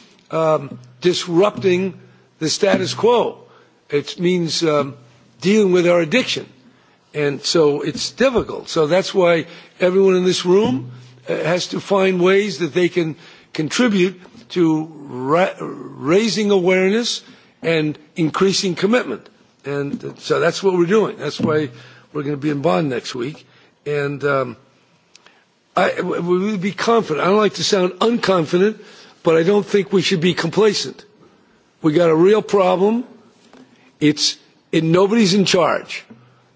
disrupting the status quo. It means dealing with our addiction. And so it's difficult. So that's why everyone in this room has to find ways that they can contribute to raising awareness and increasing commitment. And so that's what we're doing. That's why we're going to be in Bonn next week. And um, I, we be confident. I don't like to sound unconfident, but I don't think we should be complacent. We got a real problem. It's and nobody's in charge,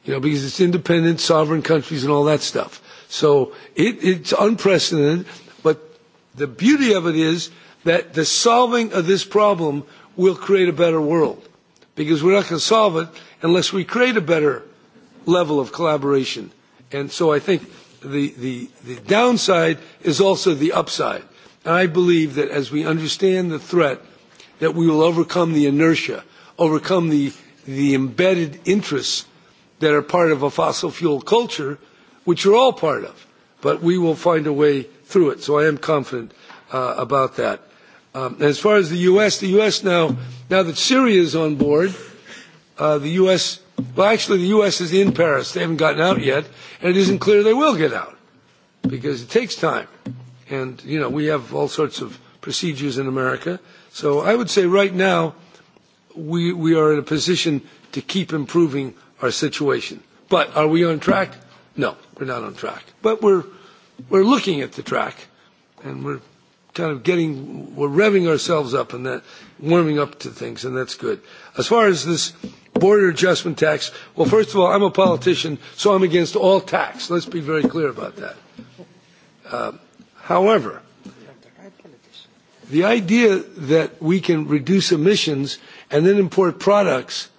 you know, because it's independent, sovereign countries and all that stuff. So it, it's unprecedented. But the beauty of it is that the solving of this problem we'll create a better world because we're not going to solve it unless we create a better level of collaboration. And so I think the the downside is also the upside. And I believe that as we understand the threat, that we will overcome the inertia, overcome the the embedded interests that are part of a fossil fuel culture, which you're all part of. But we will find a way through it. So I am confident about that. As far as the U.S., the U.S. now, now that Syria is on board, the U.S. Well, actually, the U.S. is in Paris. They haven't gotten out yet, and it isn't clear they will get out because it takes time. And, you know, we have all sorts of procedures in America. So I would say right now we we are in a position to keep improving our situation. But are we on track? No, we're not on track. But we're we're looking at the track, and we're kind of getting, we're revving ourselves up and that, warming up to things, and that's good. As far as this border adjustment tax, well, first of all, I'm a politician, so I'm against all tax. Let's be very clear about that. However, the idea that we can reduce emissions and then import products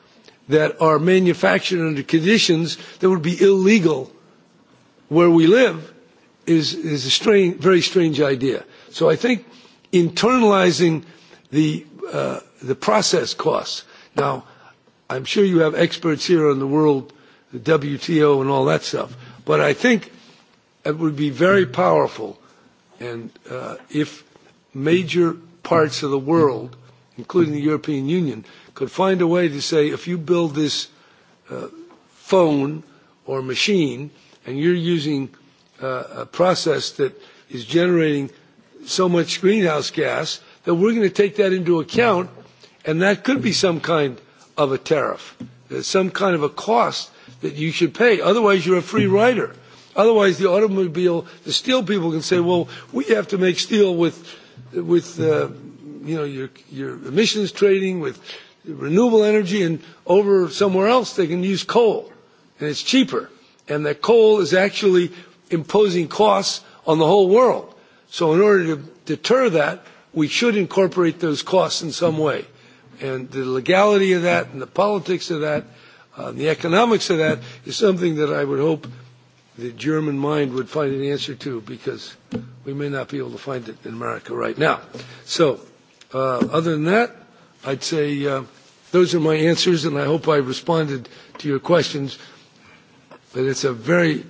that are manufactured under conditions that would be illegal where we live is a very strange idea. So I think internalizing the the process costs. Now, I'm sure you have experts here on the world, the WTO and all that stuff, but I think it would be very powerful and if major parts of the world, including the European Union, could find a way to say if you build this phone or machine and you're using a process that is generating so much greenhouse gas that we're going to take that into account, and that could be some kind of a tariff, some kind of a cost that you should pay. Otherwise, you're a free rider. Otherwise, the automobile, the steel people can say, well, we have to make steel with, with you know, your, your emissions trading, with renewable energy, and over somewhere else they can use coal, and it's cheaper. And that coal is actually imposing costs on the whole world So in order to deter that, we should incorporate those costs in some way. And the legality of that and the politics of that and the economics of that is something that I would hope the German mind would find an answer to because we may not be able to find it in America right now. So other than that, I'd say those are my answers and I hope I responded to your questions. But it's a very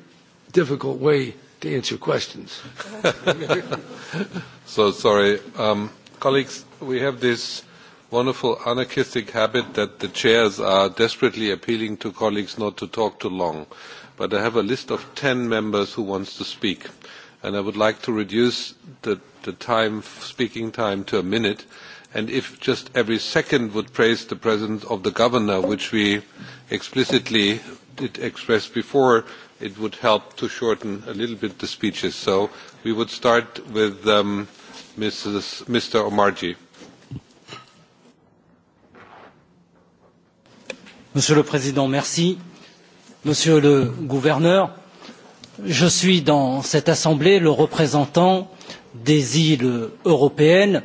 difficult way answer questions. So sorry. Colleagues, we have this wonderful anarchistic habit that the chairs are desperately appealing to colleagues not to talk too long. But I have a list of 10 members who wants to speak. And I would like to reduce the time, speaking time to a minute. And if just every second would praise the presence of the governor, which we explicitly did express before, it would help to shorten a little bit the speeches. So we would start with Mr. Omarjee. Monsieur le Président, merci. Monsieur le Gouverneur, je suis dans cette Assemblée le représentant des îles européennes,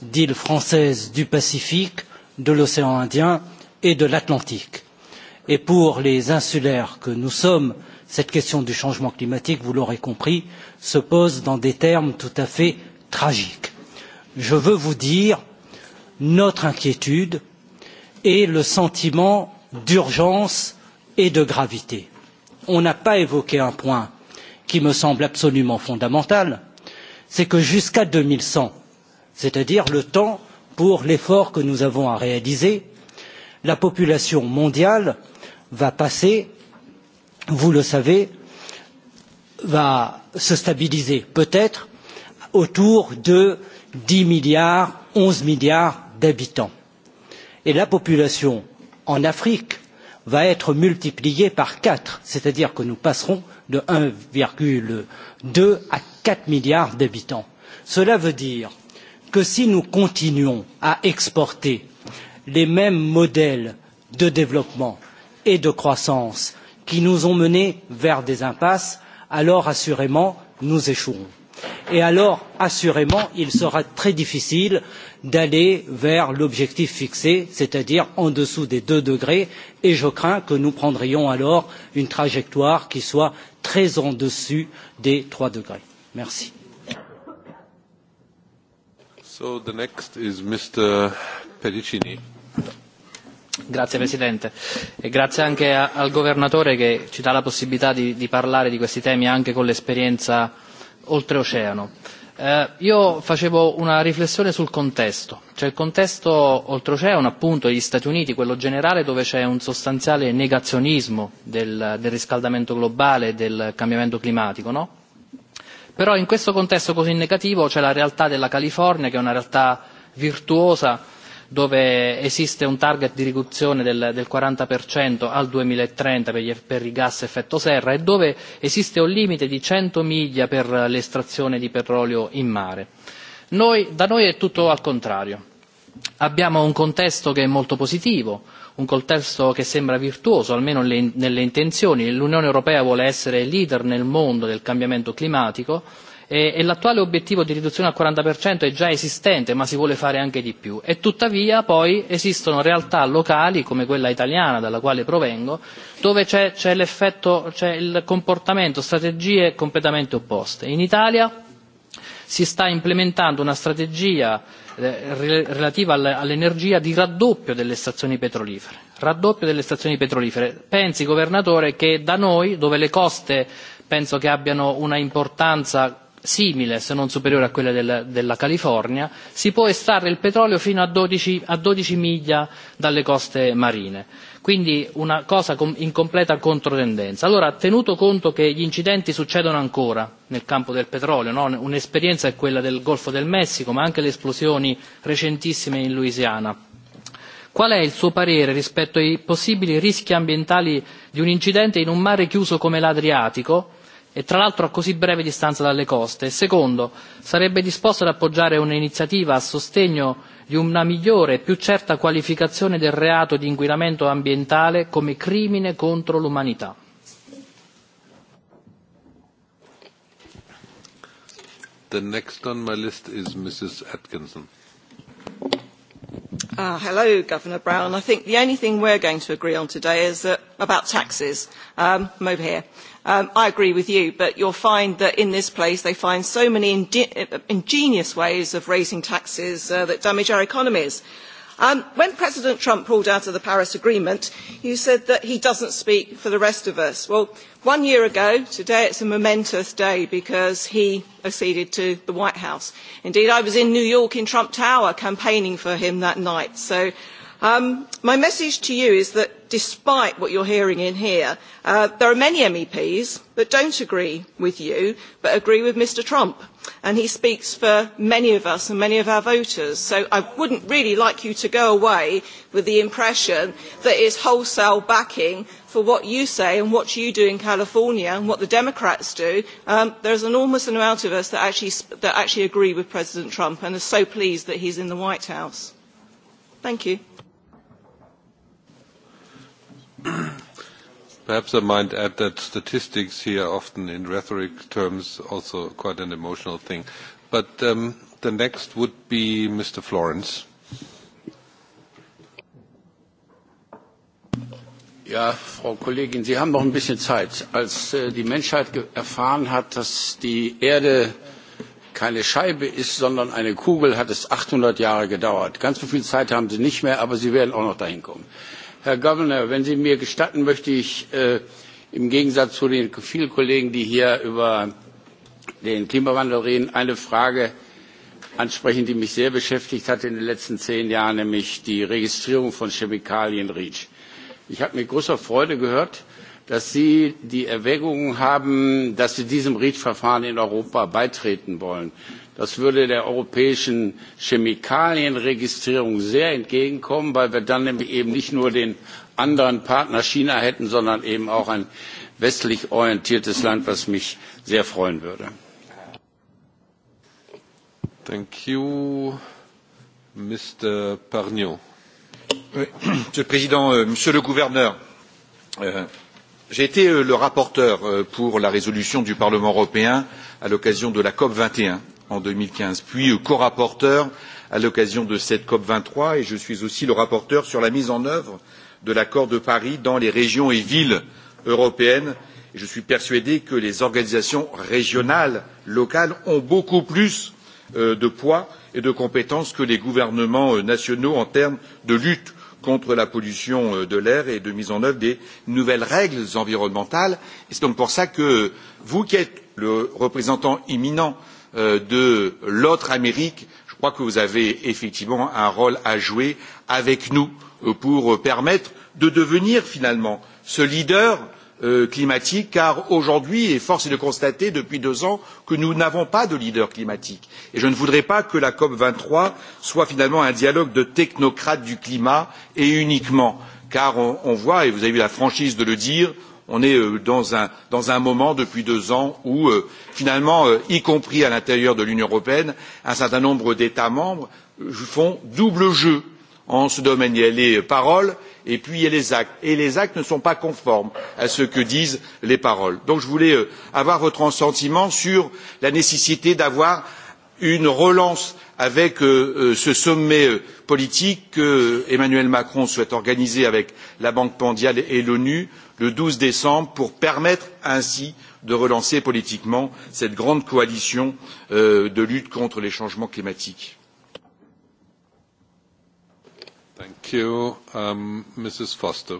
d'îles françaises du Pacifique, de l'océan Indien et de l'Atlantique. Et pour les insulaires que nous sommes, Cette question du changement climatique, vous l'aurez compris, se pose dans des termes tout à fait tragiques. Je veux vous dire notre inquiétude et le sentiment d'urgence et de gravité. On n'a pas évoqué un point qui me semble absolument fondamental, c'est que jusqu'à 2100, c'est-à-dire le temps pour l'effort que nous avons à réaliser, la population mondiale va passer vous le savez, va se stabiliser peut être autour de dix milliards, onze milliards d'habitants. Et la population en Afrique va être multipliée par quatre, c'est à dire que nous passerons de 1,2 à 4 milliards d'habitants. Cela veut dire que si nous continuons à exporter les mêmes modèles de développement et de croissance qui nous ont menés vers des impasses alors assurément nous échouerons et alors assurément il sera très difficile d'aller vers l'objectif fixé c'est à dire en dessous des deux degrés et je crains que nous prendrions alors une trajectoire qui soit très en dessus des trois degrés. merci. Grazie Presidente e grazie anche al Governatore che ci dà la possibilità di parlare di questi temi anche con l'esperienza oltreoceano. Io facevo una riflessione sul contesto, cioè il contesto oltreoceano appunto degli Stati Uniti, quello generale dove c'è un sostanziale negazionismo del riscaldamento globale e del cambiamento climatico, no? Però in questo contesto così negativo c'è la realtà della California che è una realtà virtuosa dove esiste un target di riduzione del 40% al 2030 per i gas a effetto serra e dove esiste un limite di 100 miglia per l'estrazione di petrolio in mare. Da noi è tutto al contrario. Abbiamo un contesto che è molto positivo, un contesto che sembra virtuoso, almeno nelle intenzioni. L'Unione Europea vuole essere leader nel mondo del cambiamento climatico e l'attuale obiettivo di riduzione al 40% è già esistente ma si vuole fare anche di più e tuttavia poi esistono realtà locali come quella italiana dalla quale provengo dove c'è l'effetto, c'è il comportamento strategie completamente opposte. In Italia si sta implementando una strategia relativa all'energia di raddoppio delle stazioni petrolifere. Raddoppio delle stazioni petrolifere. Pensi, governatore, che da noi, dove le coste penso che abbiano una importanza simile se non superiore a quella della California, si può estrarre il petrolio fino a 12 miglia dalle coste marine, quindi una cosa in completa controtendenza. Allora, tenuto conto che gli incidenti succedono ancora nel campo del petrolio, un'esperienza è quella del Golfo del Messico, ma anche le esplosioni recentissime in Louisiana. Qual è il suo parere rispetto ai possibili rischi ambientali di un incidente in un mare chiuso come l'Adriatico? e tra l'altro a così breve distanza dalle coste secondo sarebbe disposto ad appoggiare un'iniziativa a sostegno di una migliore e più certa qualificazione del reato di inquinamento ambientale come crimine contro l'umanità. Hello, Governor Brown. I think the only thing we're going to agree on today is about taxes. I agree with you, but you'll find that in this place they find so many ingenious ways of raising taxes that damage our economies. When President Trump pulled out of the Paris Agreement, you said that he doesn't speak for the rest of us. Well, one year ago, today it's a momentous day because he acceded to the White House. Indeed, I was in New York in Trump Tower campaigning for him that night. So my message to you is that despite what you're hearing in here there are many meps that don't agree with you but agree with mr trump and he speaks for many of us and many of our voters so i wouldn't really like you to go away with the impression that is wholesale backing for what you say and what you do in california and what the democrats do there is an enormous amount of us that actually agree with president trump and are so pleased that he's in the white house. thank you. Perhaps I might add that statistics here often in rhetoric terms also quite an emotional thing. But the next would be Mr. Florence. Ja, Frau Kollegin, Sie haben noch ein bisschen Zeit. Als die Menschheit erfahren hat, dass die Erde keine Scheibe ist, sondern eine Kugel, hat es 800 Jahre gedauert. Ganz so viel Zeit haben Sie nicht mehr, aber Sie werden auch noch dahin kommen. Herr Governor, wenn Sie mir gestatten, möchte ich im Gegensatz zu den vielen Kollegen, die hier über den Klimawandel reden, eine Frage ansprechen, die mich sehr beschäftigt hat in den letzten zehn Jahren, nämlich die Registrierung von Chemikalien REACH. Ich habe mit großer Freude gehört, dass Sie die Erwägungen haben, dass Sie diesem REACH-Verfahren in Europa beitreten wollen. Das würde der europäischen Chemikalienregistrierung sehr entgegenkommen, weil wir dann eben nicht nur den anderen Partner China hätten, sondern eben auch ein westlich orientiertes Land, was mich sehr freuen würde. Monsieur le Président, Monsieur le Gouverneur, j'ai été le rapporteur pour la résolution du Parlement européen à l'occasion de la COP 21 en deux mille quinze puis corapporteur à l'occasion de cette cop vingt trois et je suis aussi le rapporteur sur la mise en œuvre de l'accord de paris dans les régions et villes européennes et je suis persuadé que les organisations régionales locales ont beaucoup plus de poids et de compétences que les gouvernements nationaux en termes de lutte contre la pollution de l'air et de mise en œuvre des nouvelles règles environnementales. c'est donc pour cela que vous qui êtes le représentant imminent de l'autre Amérique, je crois que vous avez effectivement un rôle à jouer avec nous pour permettre de devenir finalement ce leader climatique car aujourd'hui et force est de constater depuis deux ans que nous n'avons pas de leader climatique et je ne voudrais pas que la cop vingt trois soit finalement un dialogue de technocrates du climat et uniquement car on voit et vous avez eu la franchise de le dire on est dans un moment depuis deux ans où finalement y compris à l'intérieur de l'union européenne un certain nombre d'états membres font double jeu en ce domaine. il y a les paroles et puis il y a les actes et les actes ne sont pas conformes à ce que disent les paroles. donc je voulais avoir votre sentiment sur la nécessité d'avoir une relance avec ce sommet politique que emmanuel macron souhaite organiser avec la banque mondiale et l'onu le douze décembre pour permettre ainsi de relancer politiquement cette grande coalition de lutte contre les changements climatiques. Thank you. Mrs. Foster.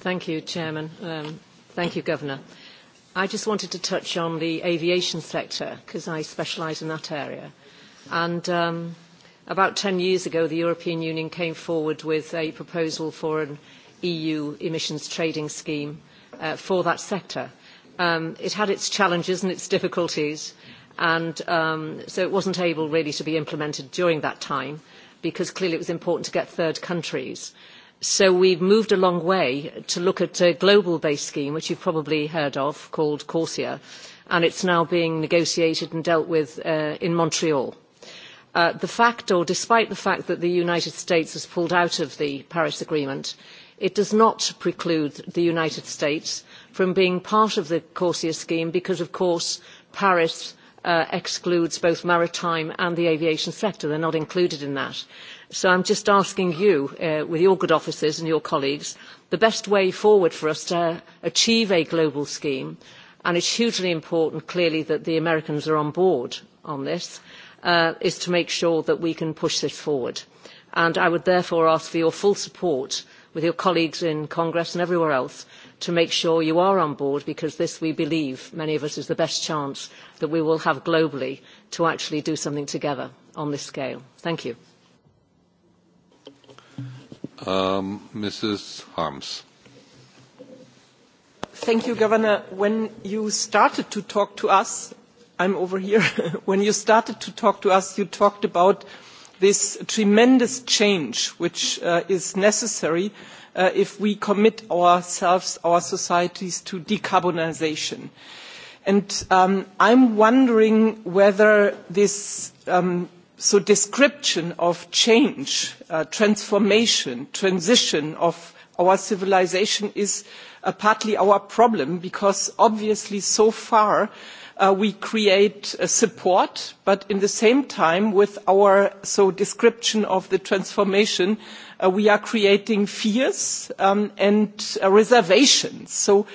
Thank you, Chairman. Thank you, Governor. I just wanted to touch on the aviation sector because I specialise in that area. And about 10 years ago, the European Union came forward with a proposal for an EU emissions trading scheme for that sector. It had its challenges and its difficulties, and so it was not able really to be implemented during that time because clearly it was important to get third countries. So we have moved a long way to look at a global-based scheme, which you have probably heard of, called Corsia, and it is now being negotiated and dealt with in Montreal. The fact, or despite the fact that the United States has pulled out of the Paris Agreement, It does not preclude the United States from being part of the CORSIA scheme because, of course, Paris excludes both maritime and the aviation sector. They're not included in that. So I'm just asking you, with your good offices and your colleagues, the best way forward for us to achieve a global scheme, and it's hugely important, clearly, that the Americans are on board on this, is to make sure that we can push this forward. And I would therefore ask for your full support with your colleagues in Congress and everywhere else to make sure you are on board because this, we believe, many of us, is the best chance that we will have globally to actually do something together on this scale. Thank you. Mrs. Harms. Thank you, Governor. When you started to talk to us, I'm over here. When you started to talk to us, you talked about this tremendous change which is necessary if we commit ourselves, our societies, to decarbonisation. I am wondering whether this description of change, transformation, transition of our civilisation, is partly our problem because obviously so far we create support but at the same time with our description of the transformation we are creating fears and reservations. so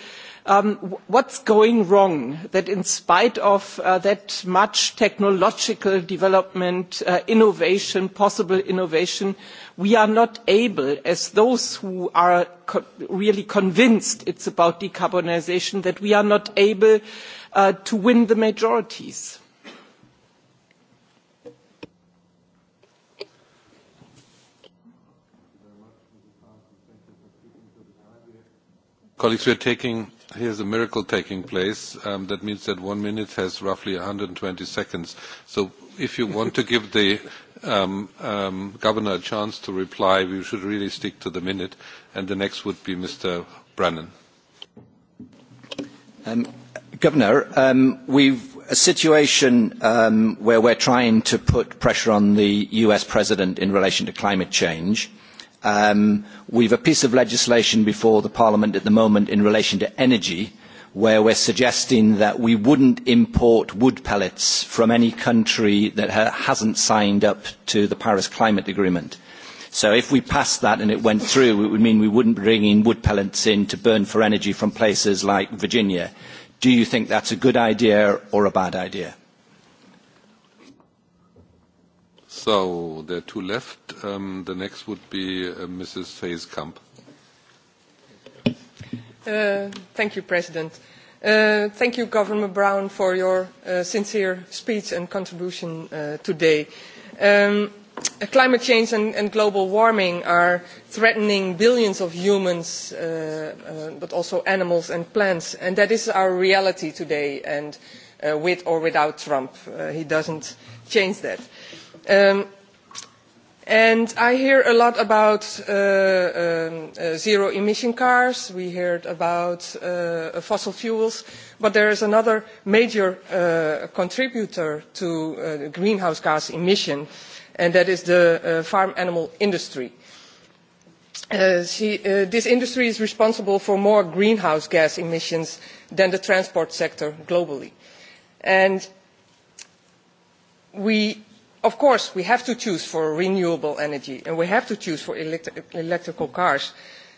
what's going wrong that in spite of that much technological development innovation possible innovation we are not able as those who are really convinced it's about decarbonisation that we are not able to win the majorities. Colleagues, we're taking, here's a miracle taking place. That means that one minute has roughly 120 seconds. So if you want to give the governor a chance to reply, we should really stick to the minute. And the next would be Mr. Brennan. Governor, we've a situation where we're trying to put pressure on the US President in relation to climate change. We've a piece of legislation before the Parliament at the moment in relation to energy, where we're suggesting that we wouldn't import wood pellets from any country that hasn't signed up to the Paris Climate Agreement. So if we passed that and it went through, it would mean we wouldn't be bringing wood pellets in to burn for energy from places like Virginia do you think that's a good idea or a bad idea? So there are two left. The next would be Mrs. Faes-Kamp. Thank you, President. Thank you, Governor Brown, for your sincere speech and contribution today climate change and global warming are threatening billions of humans but also animals and plants and that is our reality today and with or without trump he doesn't change that and i hear a lot about zero emission cars we heard about fossil fuels but there is another major contributor to greenhouse gas emissions and that is the farm animal industry. This industry is responsible for more greenhouse gas emissions than the transport sector globally. And we, of course, we have to choose for renewable energy and we have to choose for electrical cars.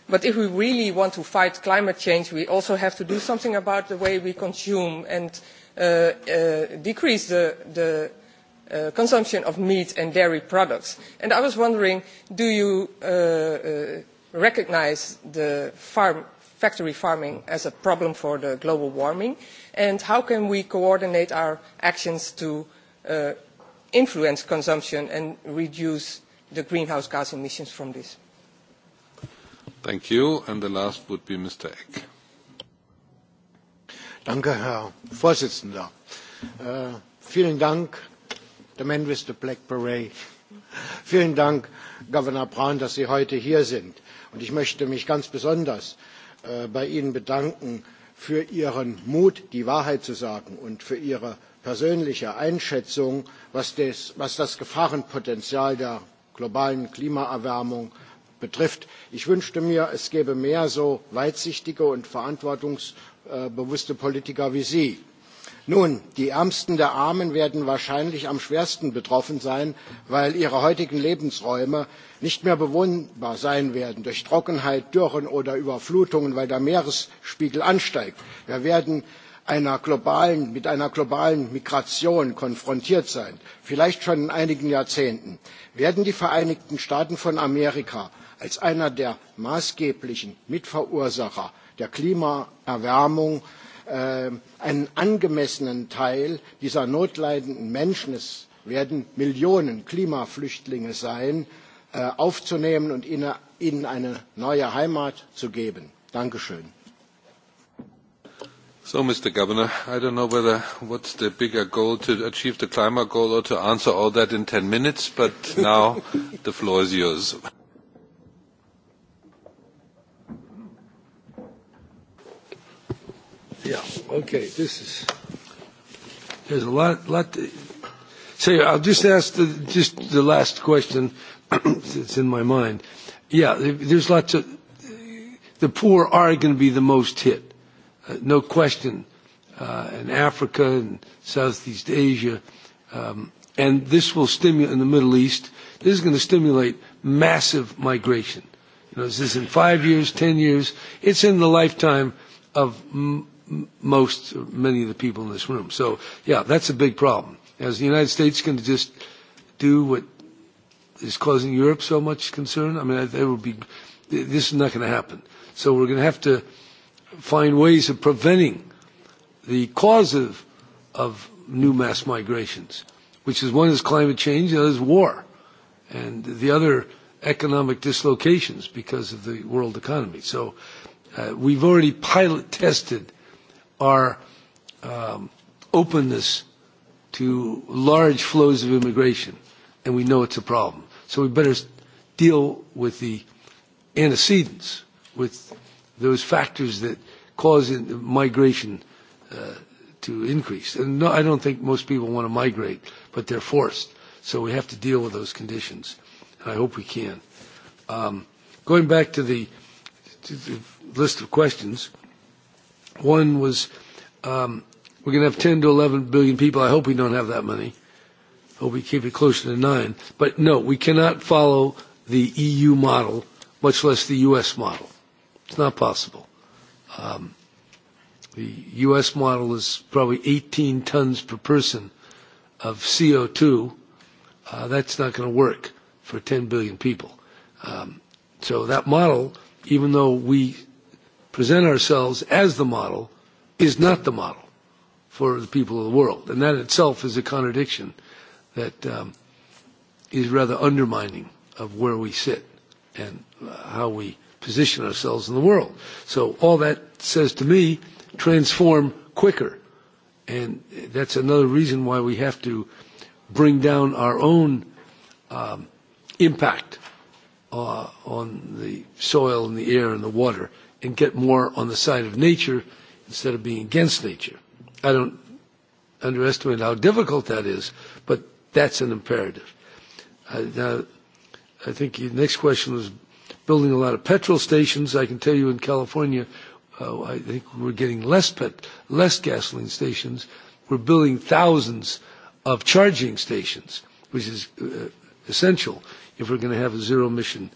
But if we really want to fight climate change, we also have to do something about the way we consume and decrease the consumption of meat and dairy products. And I was wondering, do you recognise the factory farming as a problem for the global warming? And how can we coordinate our actions to influence consumption and reduce the greenhouse gas emissions from this? Thank you. And the last would be Mr. Eck. Danke, Herr Vorsitzender. Vielen Dank Herr man Vielen Dank, Governor Brown, dass Sie heute hier sind. Und ich möchte mich ganz besonders bei Ihnen bedanken für Ihren Mut, die Wahrheit zu sagen und für Ihre persönliche Einschätzung, was das Gefahrenpotenzial der globalen Klimaerwärmung betrifft. Ich wünschte mir, es gäbe mehr so weitsichtige und verantwortungsbewusste Politiker wie Sie. Nun, die Ärmsten der Armen werden wahrscheinlich am schwersten betroffen sein, weil ihre heutigen Lebensräume nicht mehr bewohnbar sein werden durch Trockenheit, Dürren oder Überflutungen, weil der Meeresspiegel ansteigt. Wir werden mit einer globalen Migration konfrontiert sein, vielleicht schon in einigen Jahrzehnten. Werden die Vereinigten Staaten von Amerika als einer der maßgeblichen Mitverursacher der Klimaerwärmung einen angemessenen Teil dieser notleidenden Menschen es werden Millionen Klimaflüchtlinge sein, aufzunehmen und ihnen eine neue Heimat zu geben. Dankeschön. So, Mr. Governor, I don't know whether what's the bigger goal to achieve the climate goal or to answer all that in 10 minutes, but now the floor is yours. Yeah, okay, this is, there's a lot, lot, say, I'll just ask just the last question that's in my mind. Yeah, there's lots of, the poor are going to be the most hit, no question, in Africa and Southeast Asia, and this will stimulate, in the Middle East, this is going to stimulate massive migration. You know, is this in five years, ten years? It's in the lifetime of most, many of the people in this room. So, yeah, that's a big problem. As the United States going to just do what is causing Europe so much concern, I mean, there would be, this is not going to happen. So we're going to have to find ways of preventing the cause of, of new mass migrations, which is one is climate change, the other is war, and the other economic dislocations because of the world economy. So we've already pilot tested our openness to large flows of immigration, and we know it's a problem. So we better deal with the antecedents, with those factors that cause migration to increase. And I don't think most people want to migrate, but they're forced. So we have to deal with those conditions, and I hope we can. Going back to the list of questions One was um, we're going to have 10 to 11 billion people. I hope we don't have that many. I hope we keep it closer to nine. But no, we cannot follow the EU model, much less the U.S. model. It's not possible. Um, the U.S. model is probably 18 tons per person of CO2. Uh, that's not going to work for 10 billion people. Um, so that model, even though we present ourselves as the model is not the model for the people of the world. And that itself is a contradiction that is rather undermining of where we sit and how we position ourselves in the world. So all that says to me, transform quicker. And that's another reason why we have to bring down our own impact on the soil and the air and the water and get more on the side of nature instead of being against nature. I don't underestimate how difficult that is, but that's an imperative. I think your next question was building a lot of petrol stations. I can tell you in California, I think we're getting less pet, less gasoline stations. We're building thousands of charging stations, which is essential if we're going to have a zero-emission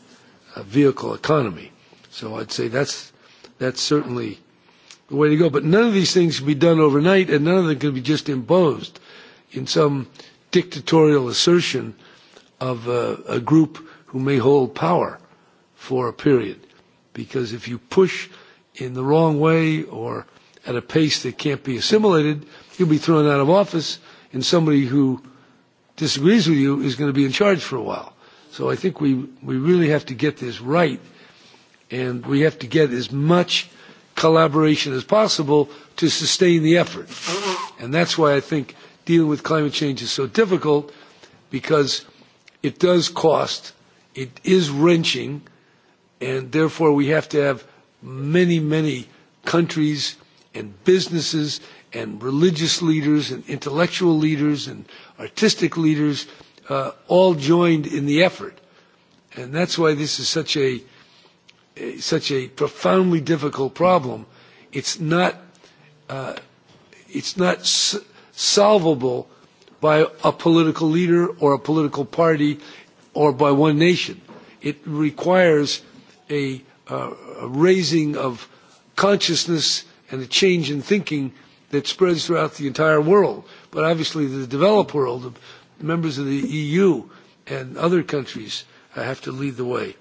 vehicle economy. So I'd say that's that's certainly the way to go. But none of these things can be done overnight, and none of them can be just imposed in some dictatorial assertion of a group who may hold power for a period. Because if you push in the wrong way or at a pace that can't be assimilated, you'll be thrown out of office, and somebody who disagrees with you is going to be in charge for a while. So I think we we really have to get this right and we have to get as much collaboration as possible to sustain the effort. And that's why I think dealing with climate change is so difficult, because it does cost, it is wrenching, and therefore we have to have many, many countries and businesses and religious leaders and intellectual leaders and artistic leaders all joined in the effort. And that's why this is such a such a profoundly difficult problem, it's not it's not solvable by a political leader or a political party or by one nation. It requires a raising of consciousness and a change in thinking that spreads throughout the entire world, but obviously the developed world members of the EU and other countries have to lead the way.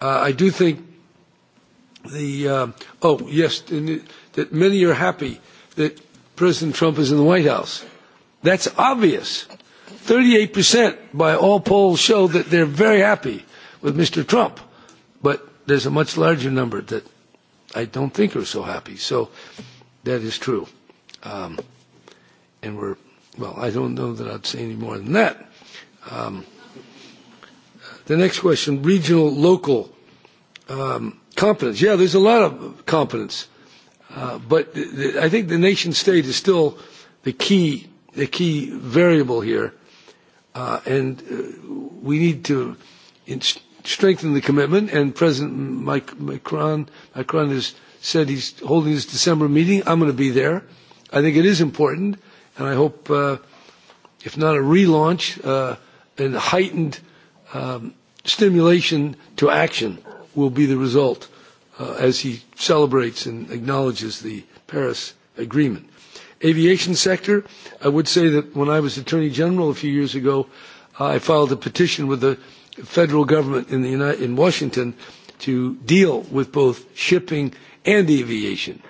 I do think the oh yes that many are happy that President Trump is in the White House. That's obvious. 38% by all polls show that they're very happy with Mr. Trump, but there's a much larger number that I don't think are so happy. So that is true. Um, and we're, well, I don't know that I'd say any more than that. Um, the next question, regional, local. Um, Competence. Yeah, there's a lot of competence. But I think the nation state is still the key the key variable here. And we need to strengthen the commitment. And President Macron Macron has said he's holding his December meeting. I'm going to be there. I think it is important. And I hope, if not a relaunch, and heightened stimulation to action will be the result as he celebrates and acknowledges the Paris Agreement. Aviation sector, I would say that when I was Attorney General a few years ago, I filed a petition with the federal government in Washington to deal with both shipping and aviation.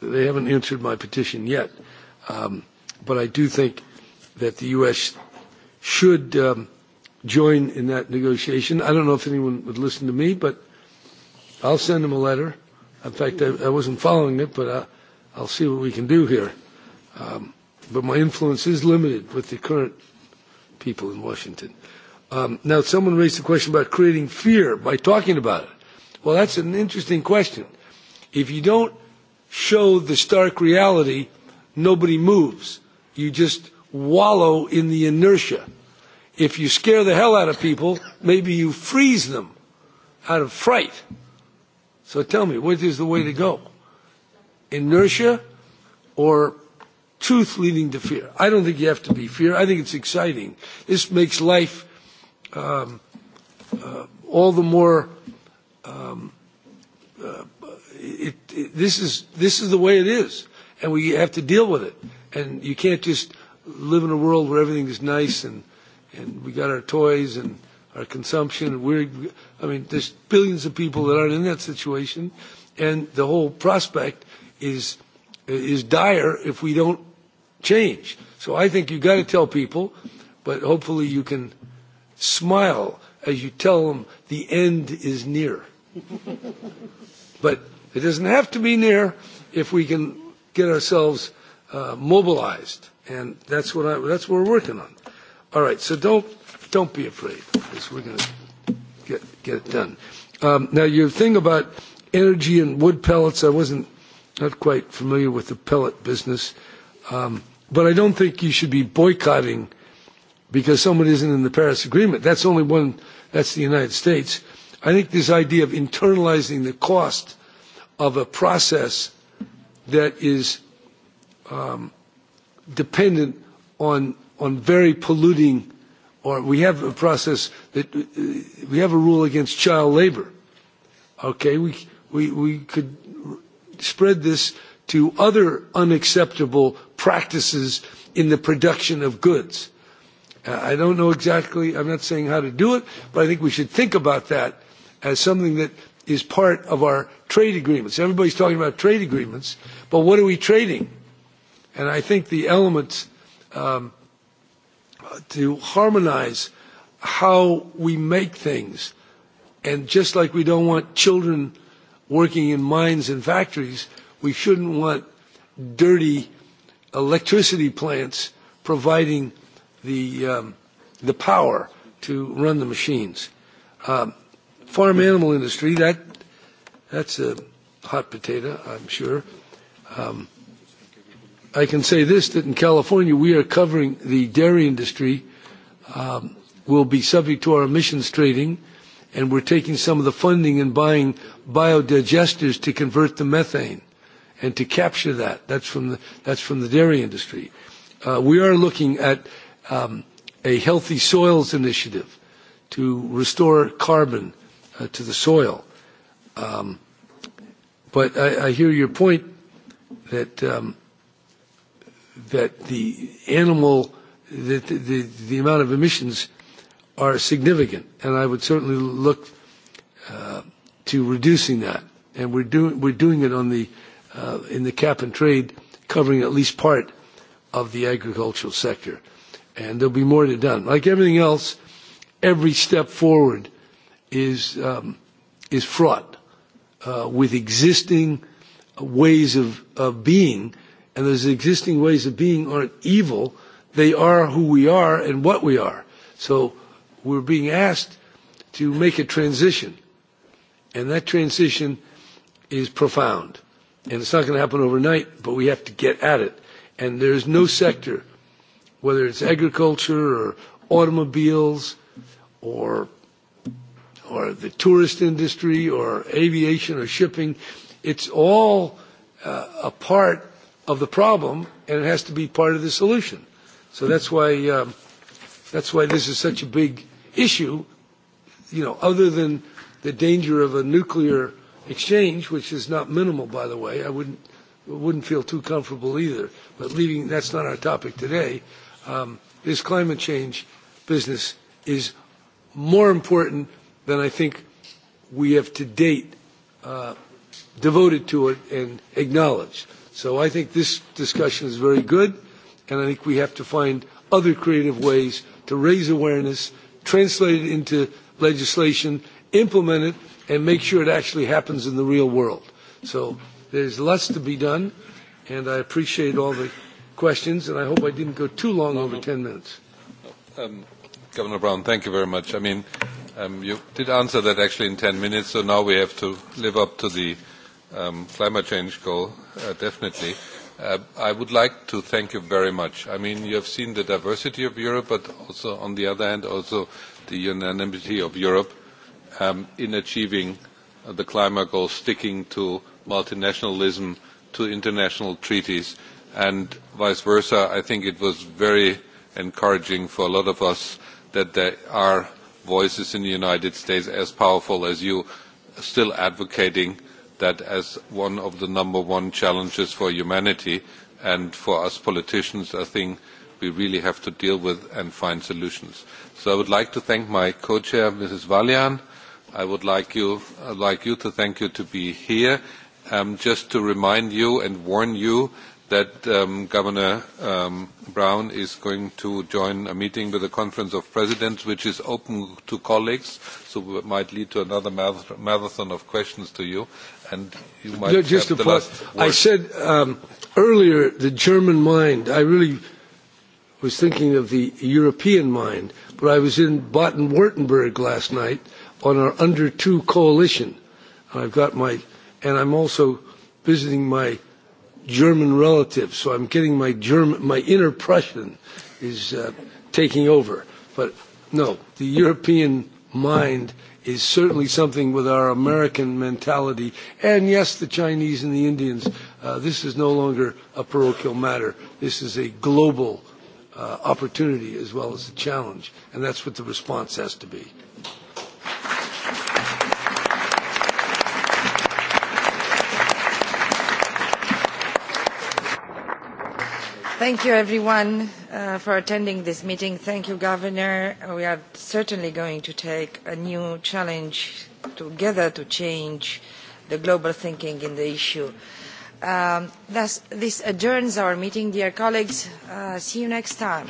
They haven't answered my petition yet, but I do think that the U.S. should join in that negotiation. I don't know if anyone would listen to me, but I'll send him a letter. In fact, I wasn't following it, but I'll see what we can do here. But my influence is limited with the current people in Washington. Now, someone raised the question about creating fear by talking about it. Well, that's an interesting question. If you don't show the stark reality, nobody moves. You just wallow in the inertia. If you scare the hell out of people, maybe you freeze them out of fright. So tell me, what is the way to go? Inertia or truth leading to fear? I don't think you have to be fear. I think it's exciting. This makes life all the more. This is this is the way it is, and we have to deal with it. And you can't just live in a world where everything is nice and and we got our toys and our consumption. We're, I mean, there's billions of people that aren't in that situation, and the whole prospect is is dire if we don't change. So I think you've got to tell people, but hopefully you can smile as you tell them the end is near. But it doesn't have to be near if we can get ourselves mobilized, and that's what I, that's what we're working on. All right, so don't Don't be afraid, because we're going to get get it done. Now, your thing about energy and wood pellets, I wasn't not quite familiar with the pellet business, but I don't think you should be boycotting because someone isn't in the Paris Agreement. That's only one. That's the United States. I think this idea of internalizing the cost of a process that is dependent on on very polluting we have a process that we have a rule against child labor. Okay, we we we could spread this to other unacceptable practices in the production of goods. I don't know exactly. I'm not saying how to do it, but I think we should think about that as something that is part of our trade agreements. Everybody's talking about trade agreements, but what are we trading? And I think the elements to harmonize how we make things. And just like we don't want children working in mines and factories, we shouldn't want dirty electricity plants providing the the power to run the machines. Farm animal industry, that that's a hot potato, I'm sure. Um I can say this, that in California we are covering the dairy industry will be subject to our emissions trading, and we're taking some of the funding and buying biodigesters to convert the methane and to capture that. That's from the, that's from the dairy industry. we are looking at a healthy soils initiative to restore carbon to the soil. but I, I hear your point that that the animal, that the, the amount of emissions are significant, and I would certainly look to reducing that. And we're doing we're doing it on the in the cap and trade, covering at least part of the agricultural sector, and there'll be more to done. Like everything else, every step forward is is fraught with existing ways of of being and those existing ways of being aren't evil. They are who we are and what we are. So we're being asked to make a transition. And that transition is profound. And it's not going to happen overnight, but we have to get at it. And there's no sector, whether it's agriculture or automobiles or or the tourist industry or aviation or shipping, it's all a part of the problem and it has to be part of the solution. So that's why that's why this is such a big issue, you know, other than the danger of a nuclear exchange, which is not minimal, by the way. I wouldn't wouldn't feel too comfortable either. But leaving that's not our topic today. This climate change business is more important than I think we have to date devoted to it and acknowledged. So I think this discussion is very good, and I think we have to find other creative ways to raise awareness, translate it into legislation, implement it, and make sure it actually happens in the real world. So there's lots to be done, and I appreciate all the questions, and I hope I didn't go too long over 10 minutes. Governor Brown, thank you very much. I mean, you did answer that actually in 10 minutes, so now we have to live up to the climate change goal, definitely. I would like to thank you very much. I mean, you have seen the diversity of Europe, but also, on the other hand, also the unanimity of Europe in achieving the climate goal, sticking to multinationalism, to international treaties, and vice versa. I think it was very encouraging for a lot of us that there are voices in the United States as powerful as you still advocating that as one of the number one challenges for humanity and for us politicians, a thing we really have to deal with and find solutions. So I would like to thank my co-chair, Mrs. Valian. I would like you to thank you to be here. Just to remind you and warn you that Governor Brown is going to join a meeting with the Conference of Presidents, which is open to colleagues, so it might lead to another marathon of questions to you, and you might have the last I said earlier the German mind. I really was thinking of the European mind, but I was in Baden-Württemberg last night on our under two coalition. I've got my, and I'm also visiting my German relatives, so I'm getting my German, my inner Prussian is taking over. But no, the European mind is certainly something with our American mentality. And yes, the Chinese and the Indians, this is no longer a parochial matter. This is a global opportunity as well as a challenge. And that's what the response has to be. Thank you everyone for attending this meeting. Thank you, Governor. We are certainly going to take a new challenge together to change the global thinking in the issue. Thus, This adjourns our meeting, dear colleagues. See you next time.